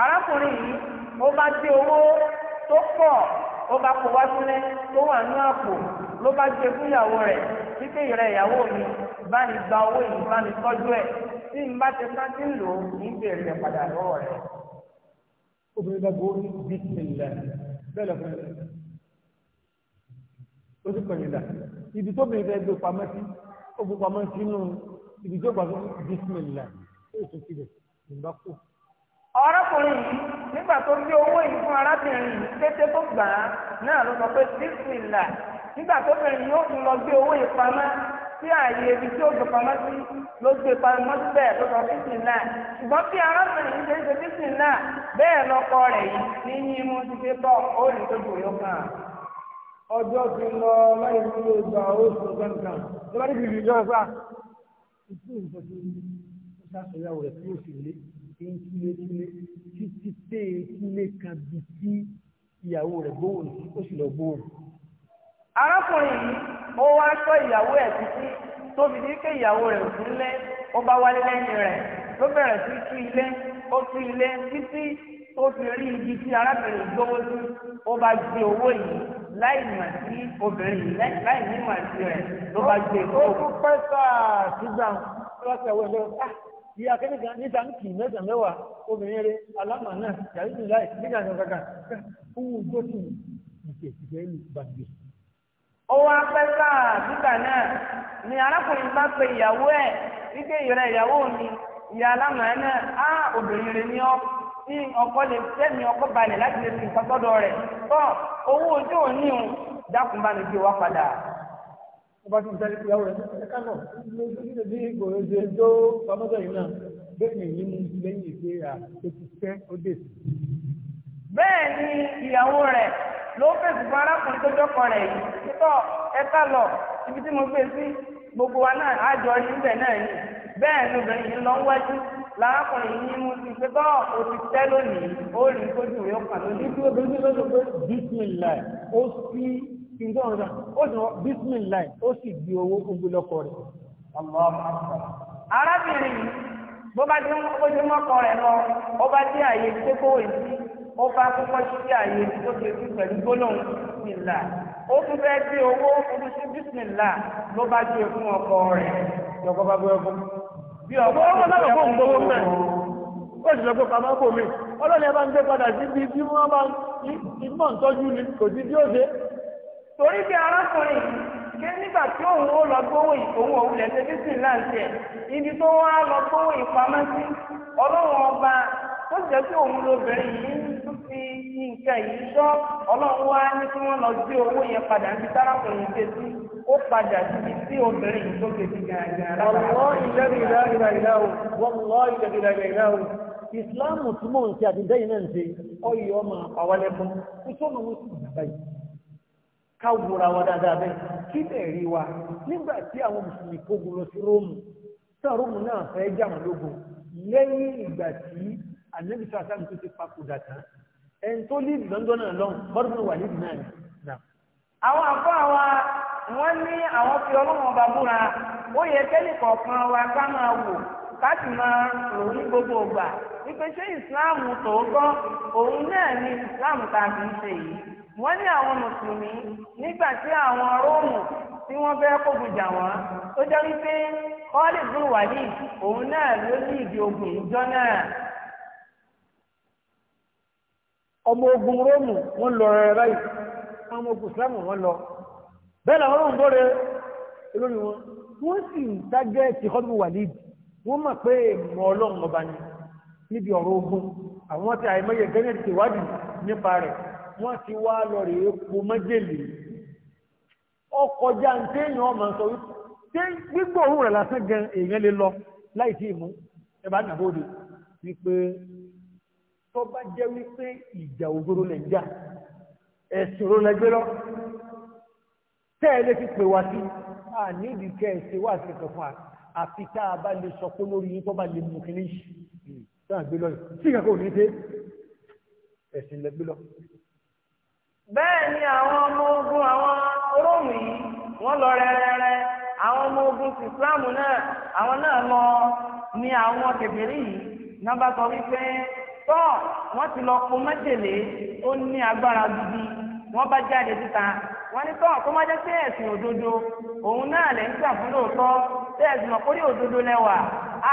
arákùnrin yìí ó bá dé owó tó pọ̀ ó bá kó wá sílẹ̀ tó wà ní àpò ló bá gbé fún ìyàwó rẹ̀ títí ìrẹ̀ ìyàwó mi bá ní gba owó yìí bá ní tọ́jú ẹ̀ tí n bá ti bá ti lò ó ní bèrè padà lọ́wọ́ rẹ̀. obìnrin bá gbó ní bísí ìlànà bẹ́ẹ̀ lọ́kàn rẹ̀ ó sì kọ̀yìn dà ibi tó bèrè fẹ́ gbé pamọ́ sí ó gbé pamọ́ sínú ibi tó gbàgbé bísímìlà ó sì ti bẹ̀ nígbà kú. ọ̀rọ̀kùnrin yìí nígbà tó gbé owó yìí fún arábìnrin yìí kété tó gbà á náà ló sọ pé bísímìlà nígbà tó bẹ̀rẹ̀ yóò tún lọ gbé owó yìí pamọ́ sí ààyè ibi tí ó gbé pamọ́ sí ló gbé pamọ́ síbẹ̀ ló sọ fífìn náà ṣùgbọ́n bí arábìnrin yìí ṣe ń ṣe fífìn náà bẹ́ẹ̀ lọ́kọ rẹ̀ yìí ní yín mú ti fi bọ́ ó lè tó jòyó kan ọjọ́ ti lọ láì ní ìgbà oṣù gbẹ̀ngàn ló bá níbi ìjọ ẹ̀fà ìtú ìfọ̀tí ó ṣàṣeyàwó rẹ̀ tí ó sì lé kílékílé títí tẹ́ kílé kan bí ìyàwó rẹ̀ gbóhùn arákùnrin yìí ó wá sọ ìyàwó ẹ̀ títí tóbi ní pé ìyàwó rẹ̀ sí lẹ́ ó bá wálé lẹ́yìn rẹ̀ ló bẹ̀rẹ̀ sí tú ilé ó tú ilé títí ó fi rí ibi tí arábìnrin gbówó sí ó bá gbé owó yìí láì mà sí obìnrin yìí láì ní mà sí rẹ̀ ló bá gbé owó. E ó tún pẹ́ sígbà lọ́sẹ̀ wo ló ń owó afẹ́fà nígbà náà ni arákùnrin bá pe ìyàwó ẹ̀ wípé ìrẹ́ ìyàwó mi ìyá alámà náà á obìnrin rẹ̀ ní ọ́ ọkọ lè fẹ́mi ọkọ balẹ̀ láti lè fi rẹ̀ tọ́ owó ojú òní o dákun bá mi gbé wá padà. wọ́n bá ti ń sáré ìyàwó rẹ̀ ní kánò nílé bí ìgbòho ṣe tó pamọ́sọ̀ yìí ìyàwó rẹ̀ ló ń fèsì fún arákùnrin tó jọ́kọ̀ rẹ̀ yìí títọ́ ẹ̀ka lọ ibi tí mo gbé e sí gbogbo wa náà àjọ níbẹ̀ náà yìí bẹ́ẹ̀ ni obìnrin yìí lọ ń wájú lárákùnrin yìí mú sí pé bọ́ o ti tẹ́ lónìí ó rí kójú rẹ̀ ọkàn lónìí. títí obìnrin tí e lọ́sọ̀ pé bísímìláì ó sì kí n tó ó sì wọ́n bísímìláì ó sì di owó ogun lọ́kọ rẹ̀. arábìnrin bó bá ti ń kójú mọ́kọ rẹ̀ lọ ó bá dé àyè tí kò wé sí ó bá kọ́kọ́ sí àyè pẹ̀lú gbólóhùn ó tún fẹ́ gbé owó sí ló bá e fún ọkọ rẹ̀ lọ́kọ́ bá gbé e bí ọkọ ọmọ náà kò ń gbowó mẹ́ ó sì lọ pamọ́ kò mí ọlọ́ni ẹ bá ń gbé padà ni kò sí bí ó ṣe. torí bí arákùnrin ké nígbà tí òun ó lọ gbówó ìfowó tó jẹ́ pé òun lóbìnrin yìí ń tún fi nǹkan yìí sọ ọlọ́run wá ní kí wọ́n lọ gbé owó yẹn padà ní sárákùnrin ṣe sí ó padà síbi tí obìnrin yìí tó ṣe sí gàgàrà. wọ́n ìlẹ́rìí ìlà ìlà o wọ́n lọ ìlẹ́rìí o ìsìláàmù tí mò ń ṣe àdìdẹ́yìn náà ń ṣe ọyọ́ ọmọ àwọlẹ́bọ́n ìṣọ́nà wọn sì gbà báyìí ká wúra wa dáadáa bẹ́ẹ̀ kí bẹ̀rí wa nígbà tí àwọn mùsùlùmí kógun lọ sí róòmù tí àwọn náà fẹ́ jà wọn lógun lẹ́yìn ìgbà tí ànábì sọ àtàbí tó ti papòdà tán ẹni tó lé lọ́jọ́ náà lọ́hùn bọ́dún wà nídìí náà nà. àwọn àfọ àwa wọn ní àwọn fi ọlọ́run ọba búra ó yẹ kẹ́lẹ́ kọ̀ọ̀kan wa ká máa wò ká sì máa rò ní gbogbo ìgbà wípé ṣé ìsìláàmù tòótọ́ òun náà ni ìsìláàmù tá a fi ń ṣe yìí wọ́n ní àwọn mùsùlùmí nígbà tí àwọn róòmù tí wọ́n fẹ́ kógun jà wọ́n tó jẹ́ wípé kọ́lì bùn wàlíì òun náà ló ní ìdí ogun ìjọ náà ọmọ ogun róòmù wọ́n lọ rẹ̀ ráì ọmọ ogun islamu wọ́n lọ bẹ́ẹ̀ làwọn ọlọ́run bọ́rẹ̀ olórí wọn wọ́n sì ń tágẹ́ ti họ́dún walid wọ́n mọ̀ pé mọ̀ ọlọ́run ọba ni níbi ọ̀rọ̀ ogun àwọn ti àìmọye gẹ́gẹ́ ti wádìí nípa rẹ̀ wọ́n ti wá lọ rè é po májèlé ọkọjá ń téèyàn ọmọ sọ wípé gbígbóòórùn rẹ̀ lásán gan èèyàn lè lọ láì tí ì mú ẹ bá nàbóde wípé tó bá jẹ́ wípé ìjà ògoro lè já ẹ̀sìn òrò lẹ́gbẹ́ lọ tẹ́ ẹ lè fi pè wá sí a nídìí kẹ́ ẹ ṣe wá sí kankan àfi tá a bá lè sọ pé lórí yín tó lè mú kínní yìí tá à gbé lọ yìí tí kankan ò ní dé ẹ̀sìn lẹ́gbẹ́ lọ. bẹ́ẹ̀ ni àwọn ọmọ ogun àwọn róòmù yìí wọ́n lọ rẹ́rẹ́rẹ́ àwọn ọmọ ogun ti náà àwọn náà lọ ni àwọn kèfèrí yìí náà wípé tọ́ wọ́n ti lọ po májèlé ó ní agbára gidi wọ́n bá jáde síta wọ́n ní tọ́ kó má jẹ́ pé ẹ̀sìn òdodo òun náà lẹ́ ń gbà fún lóòótọ́ tẹ́ ẹ̀sìn mọ̀ òdodo lẹ́wà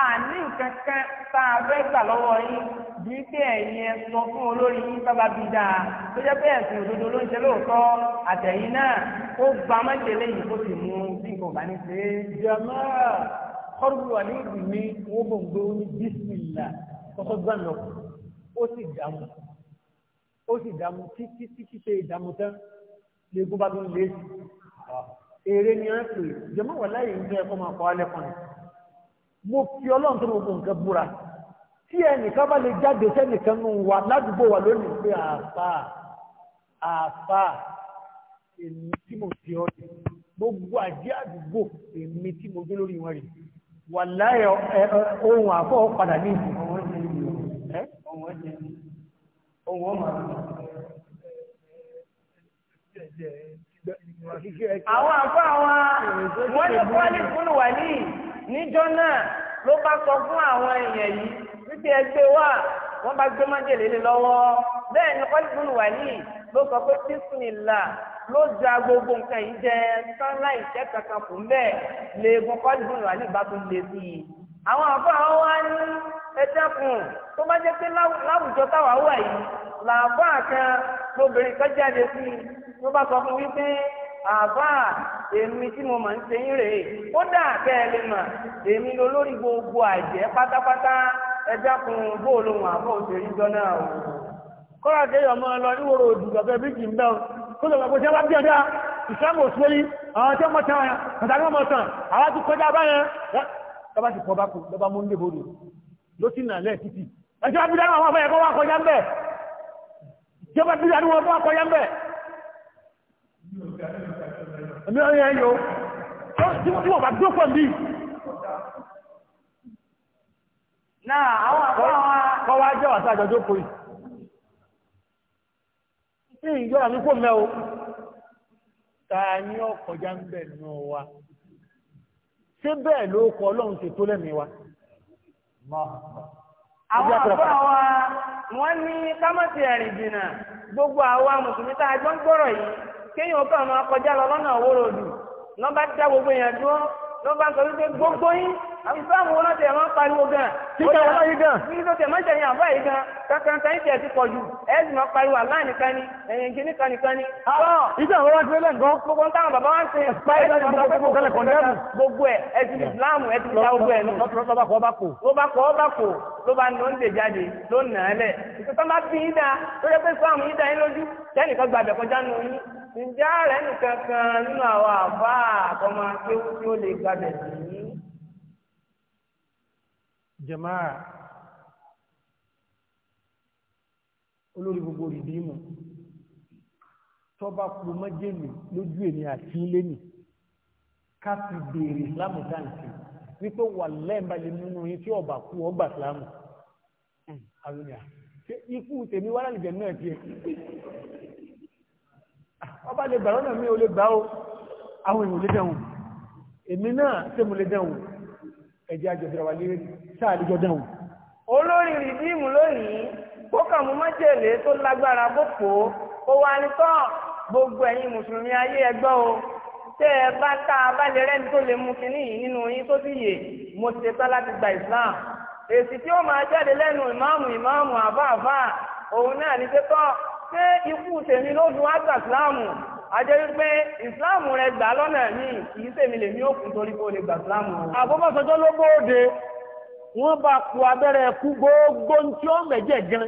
àní nǹkan kan tá a fẹ́ gbà lọ́wọ́ yín bí pé ẹ̀yin ẹ sọ fún olórí yín bábá bí dáa tó jẹ́ pé ẹ̀sìn òdodo ló ń ṣe lóòótọ́ àtẹ̀yìn náà ó gba májèlé yìí kó sì mú bí nǹkan ò bá ní ṣe é. jama kọ́rùbù wà ní ìlú mi wọ́n bọ̀ ń gbé ó ní bísí ó sì dààmú ó sì dààmú títí títí ṣe ìdààmú tán lẹ́gùn bá tún lé sí èrè ni wọ́n pè jẹ́mọ́ wà láyé ń jẹ́ ẹ̀kọ́ máa kọ́ alẹ́ kan mo fi ọlọ́run tó gbogbo nǹkan búra tí ẹnìkan bá lè jáde sẹ́nìkan nù wá ládùúgbò wa lónìí pé àfà àfà èmi tí mo fi ọ́ dé gbogbo àjẹ́ àdúgbò èmi tí mo gbé lórí wọn rè wà láyé ohun àfọ́ padà ní ìsìn ọmọ jẹ ọmọ máa àwọn àbá wa wọ́n ní pálí fún wà ní níjọ́ náà ló bá sọ fún àwọn èèyàn yìí títí ẹgbẹ́ wa wọ́n bá gbé májèlé lé lọ́wọ́ bẹ́ẹ̀ ni pálí fún wà ní ló sọ pé bísímìlà ló ja gbogbo nǹkan yìí jẹ sanláì jẹ kankan fún bẹ́ẹ̀ lè gun pálí fún wà ní ìbátan lè sí i àwọn àbá wa ní ẹ̀dẹ́kùn tó bá jẹ́ pé láwùjọ táwa wà yìí làbá kan lóbìnrin kan jáde sí i ló bá sọ fún wípé àbá èmi tí mo máa ń ṣe yín rèé kódà kẹ́ ẹ lè mà èmi lolórí gbogbo àjẹ́ pátápátá ẹ̀dẹ́kùn bóòlù wọn àbọ̀ òṣèré jọ náà o kọ́ra kẹ́ ọmọ lọ níwòrò òdùgbàfẹ́ bí kì í bẹ́ẹ̀ kó lọ́wọ́ pé tí bí ọ̀dá ìsìlámù òṣèlú tọ́ba ti kọ́ bá kú lọ́ba mú nílé bodò ló sì nà lẹ́ẹ̀ títì ẹjọ́ bí dáná àwọn afẹ́yẹ kọ́ wá kọjá ń bẹ̀ jọba bí dáná wọn kọ́ wá kọjá ń bẹ̀ ẹ̀mí ọ̀rẹ́ ẹ̀yọ tí wọ́n bá dó pọ̀ bí. náà àwọn àkọ́wà kọ́ wá jẹ́ wàtá àjọjọ́ pọ̀ yìí sí ìjọba mi kò mẹ́ o ta ni ọkọjá ń bẹ̀ nù wa. ṣé bẹ́ẹ̀ ló kọ ọlọ́run ti tó lẹ́mìí wa. àwọn àbúrò wa wọ́n ní kámọ́tì ẹ̀rìn jìnnà gbogbo àwa mùsùlùmí tá a jọ ń gbọ́rọ̀ yìí kéèyàn kàn máa kọjá lọ lọ́nà lọ́ba dá gbogbo èèyàn dúró ló bá ń sọ wípé gbogbo yín ìsìláàmù wọn láti ẹ̀wọ̀n pariwo gan. títà wọn láyé gan. níbi tó tẹ̀ máa ń tẹ̀yìn àbá yìí gan kankan tẹ̀yìn tẹ̀ ti pọ̀ jù ẹ̀sìn máa pariwo aláì nìkan ni ẹ̀yìn kí nìkan nìkan ni. ìjà àwọn wájú lẹ́lẹ̀ gan. gbogbo ń táwọn bàbá wa ń ṣe gbogbo ẹ̀ ẹ̀sìn ìsìláàmù ẹ̀ ti ta gbogbo ẹ̀ lọ ló bá ló ń lè jáde ló nà á lẹ̀ ìtọ́tọ́ bá fi yín dáa ló yẹ pé fún àwọn yín dáa yín lójú tẹ́nìkan ǹjẹ́ ààrẹ nìkan kan nínú àwọn àbá àkọ́mọ akéwú tí ó lè gbàgbẹ́ sí. jamaa olórí gbogbo rìdíìmù tọ́ba kúrò mọ́jẹ́lì lójú èmi àti ilé nì ká fi béèrè ìsìlámù dáǹtì wípé wà lẹ́ẹ̀mbà lè múnú yín tí ọba kú ọgbà ìsìlámù. àwọn ènìyàn ikú tèmi wà lálẹ́ jẹ̀ náà tiẹ̀ ọba lè gbà lọ́nà mi ò lè gbà ó àwọn èèyàn lè dẹ̀hùn èmi náà tí mo lè dẹ̀hùn ẹ̀jẹ̀ àjọ̀dẹ̀rẹ̀ wà lérí sáà lè jọ dẹ̀hùn. olórí rìdíìmù lónìí kókà mú májèlé tó lágbára bòpò ó wá ní tán gbogbo ẹ̀yin mùsùlùmí ayé ẹgbọ́ o tẹ́ ẹ bá tá a rẹ́ni tó lè mú kinní yìí nínú yín tó sì yè mo ṣe tán láti gba Islam èsì tí ó máa jáde lẹ́nu ìmáàmù ìmáàmù àbá òun náà ní pé pé ikú tèmi ló dùn ágbà síláàmù àjẹ́ wípé ìsìláàmù rẹ gbà lọ́nà ní kìí tèmi lè ní òkú torí pé o lè gbà síláàmù. àbúmọ̀sọjọ́ ló bóde wọ́n bá ku abẹ́rẹ́ ẹkú gbogbo tí ó mẹ̀jẹ̀ gan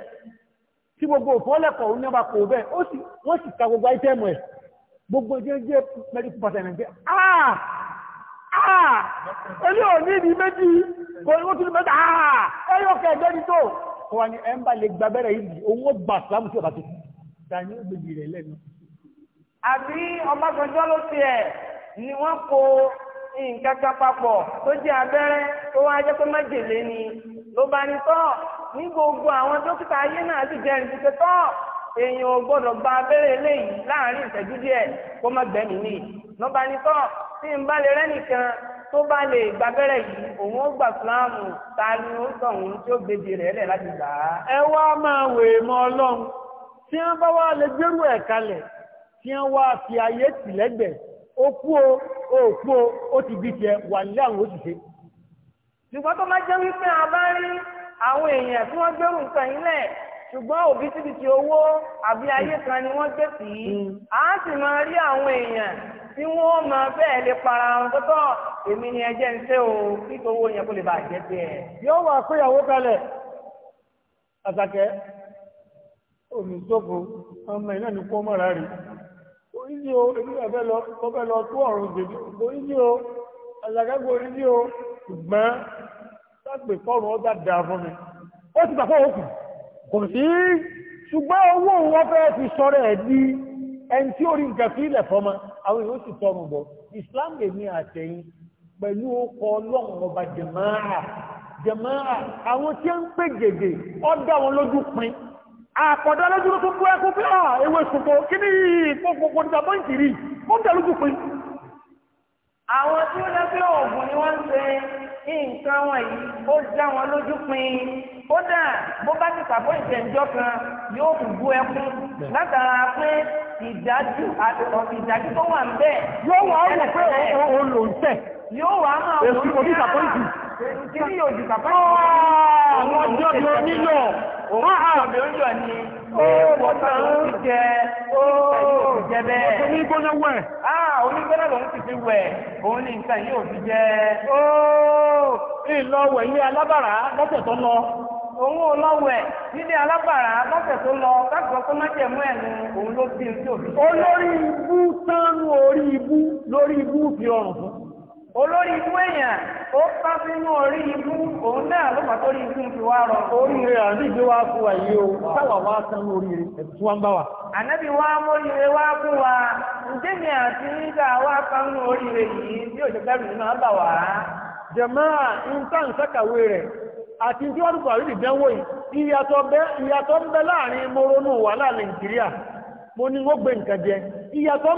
tí gbogbo òfólẹ́kọ̀ọ́ ó ní ọba kò bẹ́ẹ̀ wọ́n sì ka gbogbo àìtẹ́mù ẹ̀ gbogbo jẹ́jẹ́ mẹ́rin pàtàkì nàìjíríà áà áà ẹni ò ní ìdí méjì ah! ni ẹ̀ ń bá lè gbabẹ́rẹ́ yìí òun ta ni ó rẹ rẹ̀ àbí ọbásanjọ́ ló ti ẹ̀ ni wọ́n kó nǹkan papọ̀ tó jẹ́ abẹ́rẹ́ tó wá jẹ́ pé májèlé ni ló bá ní tọ́ ní gbogbo àwọn dókítà ayé náà sì jẹ́ ìdíje tọ́ èèyàn ò gba abẹ́rẹ́ eléyìí bá ní ta ni ó tí ó rẹ̀ lẹ̀ láti gbà á. ẹ wá máa wèé tí wọ́n bá wá lè gbérù ẹ̀ kalẹ̀ tí wọ́n wá fi ayé tì lẹ́gbẹ̀ẹ́ ó kú o ó kú o ó ti bí tiẹ̀ wà nílé àwọn òṣìṣẹ́. ṣùgbọ́n tó bá jẹ́ wípé a bá rí àwọn èèyàn tí wọ́n gbérù nǹkan yín lẹ̀ ṣùgbọ́n òbítíbitì owó àbí ayé kan ni wọ́n gbé sí i a sì máa rí àwọn èèyàn tí wọ́n máa bẹ́ẹ̀ lè para wọn tọ́tọ́ èmi ni ẹjẹ́ ń ṣe o nítorí owó yẹn kó lè bàjẹ́ bẹ́ẹ̀. yóò wà péyàwó kalẹ̀ àtàkẹ́ omi sófo ọmọ iná ní kó mọ́ra rẹ̀ oríṣi o èmi ọ̀fẹ́ lọ ọfẹ́ lọ tó ọ̀run gbèdé oríṣi o alágágbó oríṣi o ṣùgbọ́n sápè fọ́ọ̀rùn ọjà dáa fún mi ó ti gbà fọ́ọ̀rùn kù kò sí ṣùgbọ́n owó òun ọfẹ́ fi sọ̀rọ̀ ẹ̀ di ẹni tí ó rí nǹkan fi ilẹ̀ fọ́mọ àwọn èèyàn sì tọrùn bọ̀ Islam èmi àtẹ̀yìn pẹ̀lú ọkọ̀ ọlọ́run ọba jẹ̀máà jẹ̀máà àwọn tí ó ń pè gègé ó dá lójú pin àkọ̀dá lójúrú tó kú ẹkú pé àà ewé ṣùgbọ́n kí ní ìpòpòpò ní tàbí ìkìrí ó tẹ̀lú jù pé. àwọn tí ó lẹ́gbẹ́ ọ̀gùn ni wọ́n ń ṣe nǹkan wọn yìí ó já wọn lójú pin kódà bó bá ti tàbí ìṣẹ̀njọ́ kan yóò kù bú ẹkún látara pé ìdájú ìdájú tó wà ń bẹ̀. yóò wá wò pé òun lò ń tẹ̀. yóò wá máa wò ó kí ni yóò ju bàbá yìí. ọjọ́ bí o nílò. òun àbẹ̀ oúnjẹ ni wọ́n tán ń jẹ jẹ bẹ́ẹ̀. ọ̀sẹ̀ wẹ̀. onígbóná lòun ti fi wẹ̀ òun ní nǹkan yìí ò fi jẹ. ìlọ wẹ̀ ní lọ́sẹ̀ tó lọ. òun ò nílé lọ́sẹ̀ tó lọ káàkiri ọkọ jẹ̀mú ẹ̀ nu òun ló bí ohun tí ò fi jẹ. olórí ibú orí ibú lórí ibú fi ọrùn fún. olórí ibú èèyàn ó pá sínú orí òun náà ló pàá tó rí fi wá rọ. oríire àti ìgbé wa fún wa yìí o sáwà wá sánú oríire ẹ̀sùn wa ń bá wa. ànábì wa móríire wá fún wa ǹjẹ́ mi àti yi, wá sánú oríire yìí tí òjò bẹ́rù nínú àbà wá. jẹ̀máà nǹkan ìṣàkàwé rẹ̀ àti tí wọ́n ti yìí ìyàtọ̀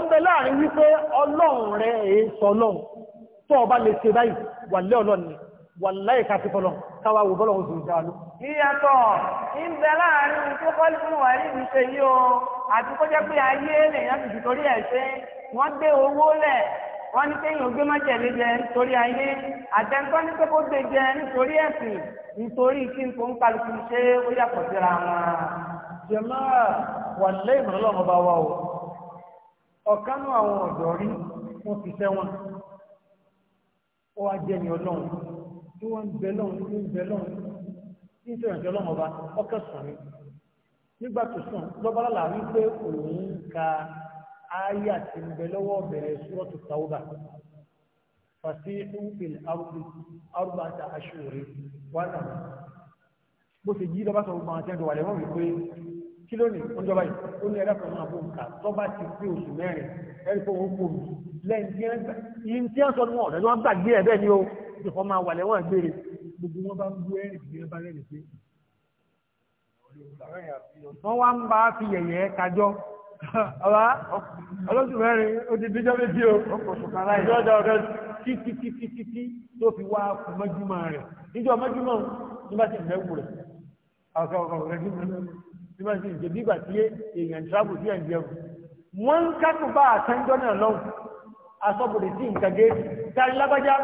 ń bẹ láàrin wípé ọlọ́run rẹ̀ èé tó ọba lè ṣe báyìí wà lẹ́ ọlọ́ni wà láì káfí fọlọ́ káwà wò bọ́lọ̀ oṣù ìdáàlú. ìyàtọ̀ ìbẹ̀ láàrin tó kọ́lé fún wa níbi ṣe yìí o àti kó jẹ́ pé ayé lèèyàn ti torí ẹ̀ ṣe wọ́n gbé owó lẹ̀ wọ́n ní kéèyàn gbé májèlé jẹ nítorí ayé àtẹnukọ́ ní pé kó gbé jẹ nítorí ẹ̀sìn nítorí kí n kò ń kálukú ṣe ó yàtọ̀ síra wọn. jẹ̀má wà lẹ́yìn mọ́lọ́mọba wa o ọ̀kánú àwọn ọ̀dọ́ rí wọ́n ti fẹ́ wọn ó wá jẹ́ ní ọlọ́run tí wọ́n ń bẹ lọ́run ní ń bẹ lọ́run ní ìṣòro ìjọ ọlọ́run ọba ọkẹ́ sùn ni nígbà tó sùn lọ́ba lálà wí pé òun ka ayé àti ń bẹ lọ́wọ́ bẹ̀rẹ̀ sùrọ̀tù tàwùbà fàṣíhù fil arúgbó arúgbó àti aṣọ rẹ̀ wà náà bó ṣe jí lọ́ba sọ gbogbo àwọn àti ẹ̀dọ̀ wà lẹ́wọ̀n wípé kí lónìí oúnjẹ báyìí ó ní ẹlẹ́kọ̀ọ́ máa bó nǹkan tó bá ti pé oṣù mẹ́rin ẹni tó ń kó mi lẹ́yìn tí wọ́n yìí tí wọ́n sọ ní ọ̀rẹ́ ni wọ́n gbàgbé ẹ̀ bẹ́ẹ̀ ni ó ti fọ́ máa wà lẹ́wọ̀n gbére gbogbo wọn bá ń gbé ẹ̀rìn tí wọ́n bá rẹ̀ nìké. wọ́n wá ń bá fi yẹ̀yẹ́ kájọ́ ọba ọlọ́sù mẹ́rin ó ti bíjọ́ méjì o títítítítí tó fi wá bí wọ́n ti ń jẹ bígbà tí èèyàn tíráàbù sí ẹ̀ jẹun wọ́n ń kákò bá àtẹ́jọ́ náà lọ́wọ́ asọ́bùrì tí nǹkan gé dárí lágbájá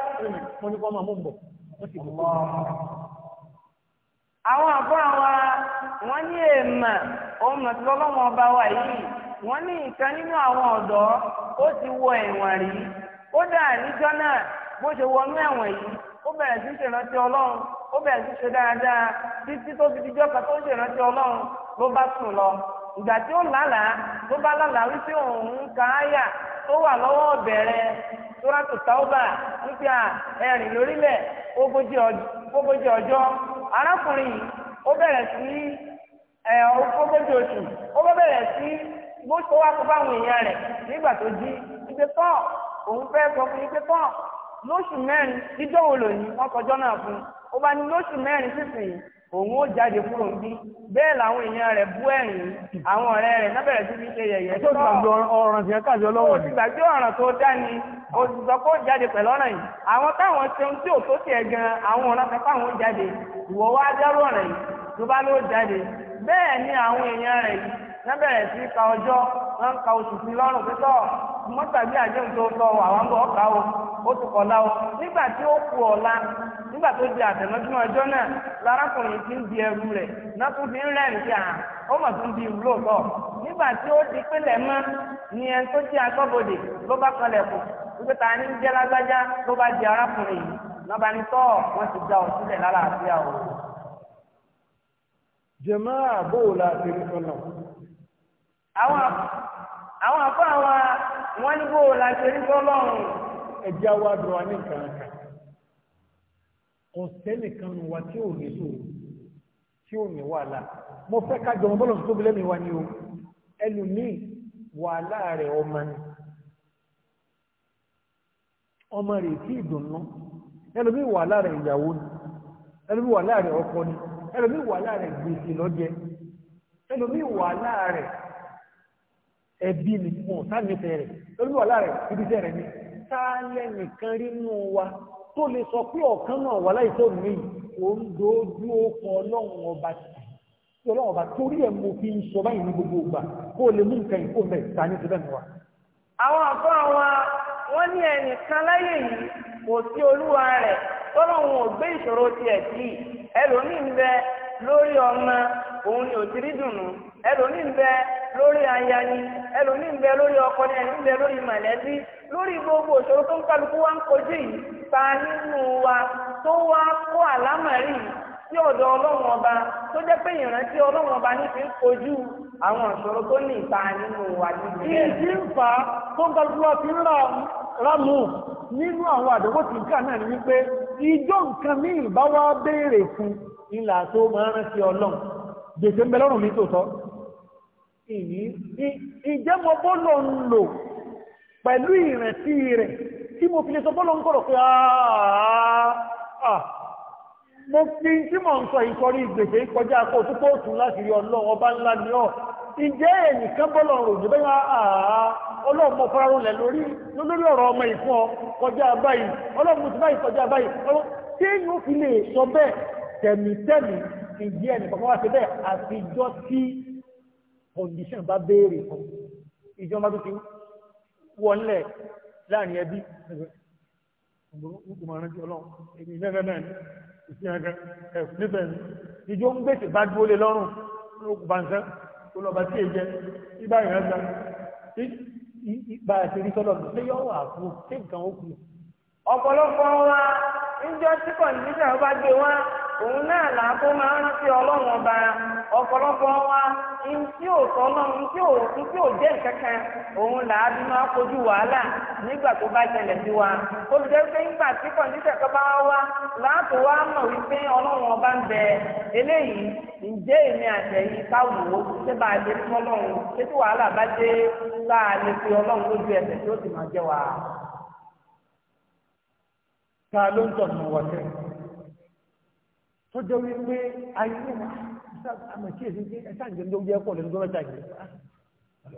mo ní kọ́ máa mú bọ̀ ó sì bọ̀. àwọn àbọ̀ wa wọ́n ní èèmà òun mọ̀ tí lọ́lọ́wọ́n ọba wa yìí wọ́n ní nǹkan nínú àwọn ọ̀dọ́ ó ti wọ ẹ̀wọ̀n rí kódà níjọ́ náà bó ṣe wọnú ẹ̀wọ̀n yìí ó bẹ̀rẹ̀ sí ṣèrántí ọlọ́run ó bẹ̀rẹ̀ sí ṣe dáadáa títí tó fi dijọ́ kan tó ń ṣèrántí ọlọ́run ló bá sùn lọ ìgbà tí ó lálàá ló bá lálàá wípé òun ń ka áyà wà lọ́wọ́ ọ̀bẹ̀rẹ̀ sóràtò táwọ́bà wípé à ẹ̀rìn lórílẹ̀ ogójì ọjọ́ arákùnrin yìí ó bẹ̀rẹ̀ sí ogójì oṣù ó bẹ̀rẹ̀ sí bó ṣe wá kó báwọn èèyàn rẹ̀ nígbà tó jí lóṣù mẹ́rin dídọ́ wo lòní wọ́n kọjọ́ náà fún un ó bá ní lóṣù mẹ́rin sísìn òun ó jáde kúrò ń bí bẹ́ẹ̀ làwọn èèyàn rẹ̀ bú ẹ̀rín àwọn ọ̀rẹ́ rẹ̀ náà bẹ̀rẹ̀ sí fi ṣe yẹ̀yẹ́ tó gbàgbé ọ̀ràn tiẹ̀ káàdì ọlọ́wọ́ ni. gbàgbé ọ̀ràn tó dá ni o sì sọ pé ó jáde pẹ̀lú ọ̀ràn yìí àwọn táwọn ṣeun tí ò tó tiẹ̀ gan àwọn ọ̀ràn fẹ́ fáwọn jáde ìwọ wá dárò ọ̀ràn yìí tó bá ló jáde bẹ́ẹ̀ ni àwọn èèyàn rẹ̀ yìí wọ́n bẹ̀rẹ̀ sí ka ọjọ́ ka oṣù sí lọ́rùn pẹ́tọ́ mọ́tàbí àjẹun tó tọ́ àwọn bọ̀ ọ̀ka o ó ti o nígbà tí ó di ọjọ́ náà lárákùnrin ti ń di ẹrù rẹ̀ náà fi ń rẹ́rìn sí àhàn ó di ìwúlò tọ̀ nígbà tí ó di pínlẹ̀ mọ́ ni tó jẹ́ ló bá kù wípé ta ni jẹ́ lágbájá ló bá ọ lálàáfíà o. jẹ̀mọ́ àbò làtẹ̀rí àwọn àwọn àpá wa wọ́n ní bó o la ṣe ń tọ́ lọ́rùn ẹ̀jẹ̀ àwọn àdùn wa ní nǹkan kan kò tí ò ní sòrò tí ò ní wàhálà mo fẹ́ ká jọmọ bọ́lọ̀ tó tóbi lẹ́nu wa ni o ẹlòmíì wàhálà rẹ̀ ọmọ ni ọmọ rẹ̀ tí ìdùnnú ẹlòmíì wàhálà rẹ̀ ìyàwó ni ẹlòmíì wàhálà rẹ̀ ọkọ ni ẹlòmíì wàhálà rẹ̀ gbèsè lọ́jẹ ẹlòmíì wàhálà rẹ̀ ẹbí ni wọn ò sáà nífẹ̀ẹ́ rẹ̀ lórí wà láàrẹ̀ ibi iṣẹ́ ni sáálẹ̀ nìkan rí nù wa tó lè sọ pé ọ̀kan náà wà láìsọ mi ò ń dojú ọkọ̀ ọlọ́run ọba tí ọlọ́run ọba torí ẹ̀ mo fi ń sọ báyìí ní gbogbo ìgbà kó lè mú nǹkan ìkó mẹ́ ta ní síbẹ̀ nìwa. àwọn àfọ́ wa wọ́n ní ẹnìkan láyé yìí kò sí olúwa rẹ̀ tọ́lọ́run ò gbé ìṣòro tiẹ̀ sí ẹlòmíín bẹ́ẹ̀ lórí ọmọ òun ni òtí dídùnú ẹlòmí ń bẹ lórí aya ni ẹlòmí ń bẹ lórí ọkọ ni ẹlòmí ń bẹ lórí mọ̀lẹ́bí lórí gbogbo òṣòro tó ń kálukú wá ń kojú nínú wa tó wá kó àlámọ̀rí sí ọ̀dọ̀ ọlọ́run ọba tó pé ọlọ́run ọba ní fi ń àwọn tó ní ìta nínú wa ìdí àti ijó nǹkan ní ìbá wá béèrè fún ilà tó máa rántí ọlọ́run gbèsè ń bẹ lọ́rùn mi tòótọ́ ìjẹ́ mo bọ́lọ̀ ń lò pẹ̀lú ìrètí rẹ̀ tí mo fi lè sọ bọ́lọ̀ ń kọ̀rọ̀ pé àà mo fi tí mo ń sọ ìkọrí ìgbèsè kọjá akọ́ òtúpọ̀ òtún láti rí ọlọ́run ọba ńlá ni ọ́ ìjẹ́ ẹnìkan bọ́lọ̀ ń rò jù bẹ́yà ọlọ́mọ fararun lẹ̀ lórí lórí ọ̀rọ̀ ọmọ ìfún ọ kọjá báyìí ọlọ́mọ ti báyìí kọjá báyìí tí yóò fi lè sọ bẹ́ẹ̀ tẹ̀mítẹ́mí ìdí ẹni kọ̀ọ̀kan wá sí bẹ́ẹ̀ àfijọ́ tí condition bá béèrè fún ìjọba tó ti wọlé láàrin ẹbí ìjọ ń gbèsè bá dúó lé lọ́rùn ló bá ń sẹ́ tó lọ bá tí èjẹ ìbá ìrẹ́sẹ̀ bá a ti rí sọ́dọ̀ lọ sí yọ́wọ́ àfún sí nǹkan ó kù. ọ̀pọ̀lọpọ̀ wa ń jọ sí kọ̀ǹdíṣà ó bá gbé wá òun náà là á tó máa ń ọlọ́run ọba ọ̀pọ̀lọpọ̀ wa ntí ò sọ́nà ntí ò ntí ò jẹ́ nǹkankan òun là á bí máa kojú wàhálà nígbà tó bá ṣẹlẹ̀ sí wa nígbà tí kọ̀ǹdíṣẹ̀ tó bá wá láàtò wá mọ̀ wípé ọlọ́run ọba ń bẹ eléyìí ǹjẹ́ èmi àtẹ̀yìn bá a lè fún ọlọ́run wàhálà bá dé bá a lè fi ọlọ́run ó máa wa. ta ló ń tó jẹ́ wípé ayé wa ah, àmọ̀ kí èsì pé ẹ̀sà ìjẹun tó jẹ́ pọ̀ lẹ́nu tó mẹ́ta yìí ah,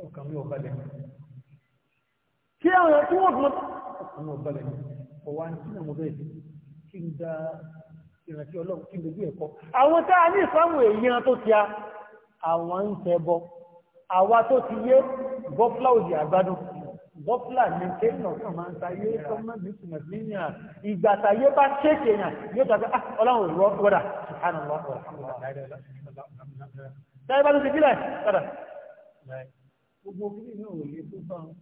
ọkàn mi ò balẹ̀ kí àwọn tí wọ́n fún ọkàn mi ò balẹ̀ ọ̀wá ní sínú ọmọdé kí n da ìrántí ọlọ́run kí n dojú ẹ̀kọ́ àwọn tá a ní ìfáwọn èèyàn tó ti a àwọn ń tẹ bọ àwa tó ti yé bọ́ fúláwùdì àgbádùn bọ́pùlà ní kéèyàn kan máa ń sayé sọ́mọ́ ní tùmọ̀tì ní à ìgbà tayé bá ṣèkè yàn yóò tàbí ah, ọlọ́run rọ wọ́dà ṣùgbọ́n ọlọ́run tayé bá ló ti sílẹ̀ padà. gbogbo kí ni ò lè tó bá wọn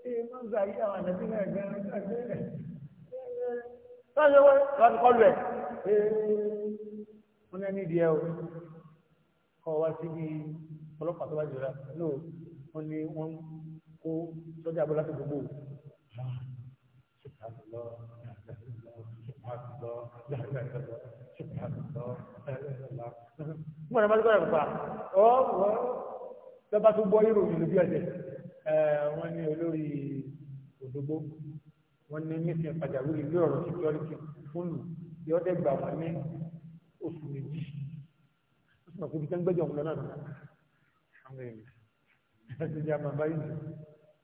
ṣé máa ń gba ayé àwọn àdàbí náà gan-an ṣàgbéyẹ̀. sọ́ọ́ni owó láti kọlu ẹ̀ wọ́n ní ìdí ẹ̀ o kọ́ wa síbi ọlọ́pàá tó bá jọra ní o wọ́n ní wọ́n kó sọ́jà bọ́lá tó gbogbo mọ̀nà máa ń gbọ́dọ̀ gbà ọ́ lọ́ba tó gbọ́ yúrò ìlú bí ọ̀jẹ̀ wọ́n ní olórí òdògbó wọ́n ní mísìn pàjáwìrì lórí ọ̀rọ̀ security fóònù yọ ọ́ dẹ́gbà wọn ní oṣù méjì oṣù mọ̀kúbi tẹ́ ń gbẹ́jọ̀ ọ̀hún lọ́nà náà.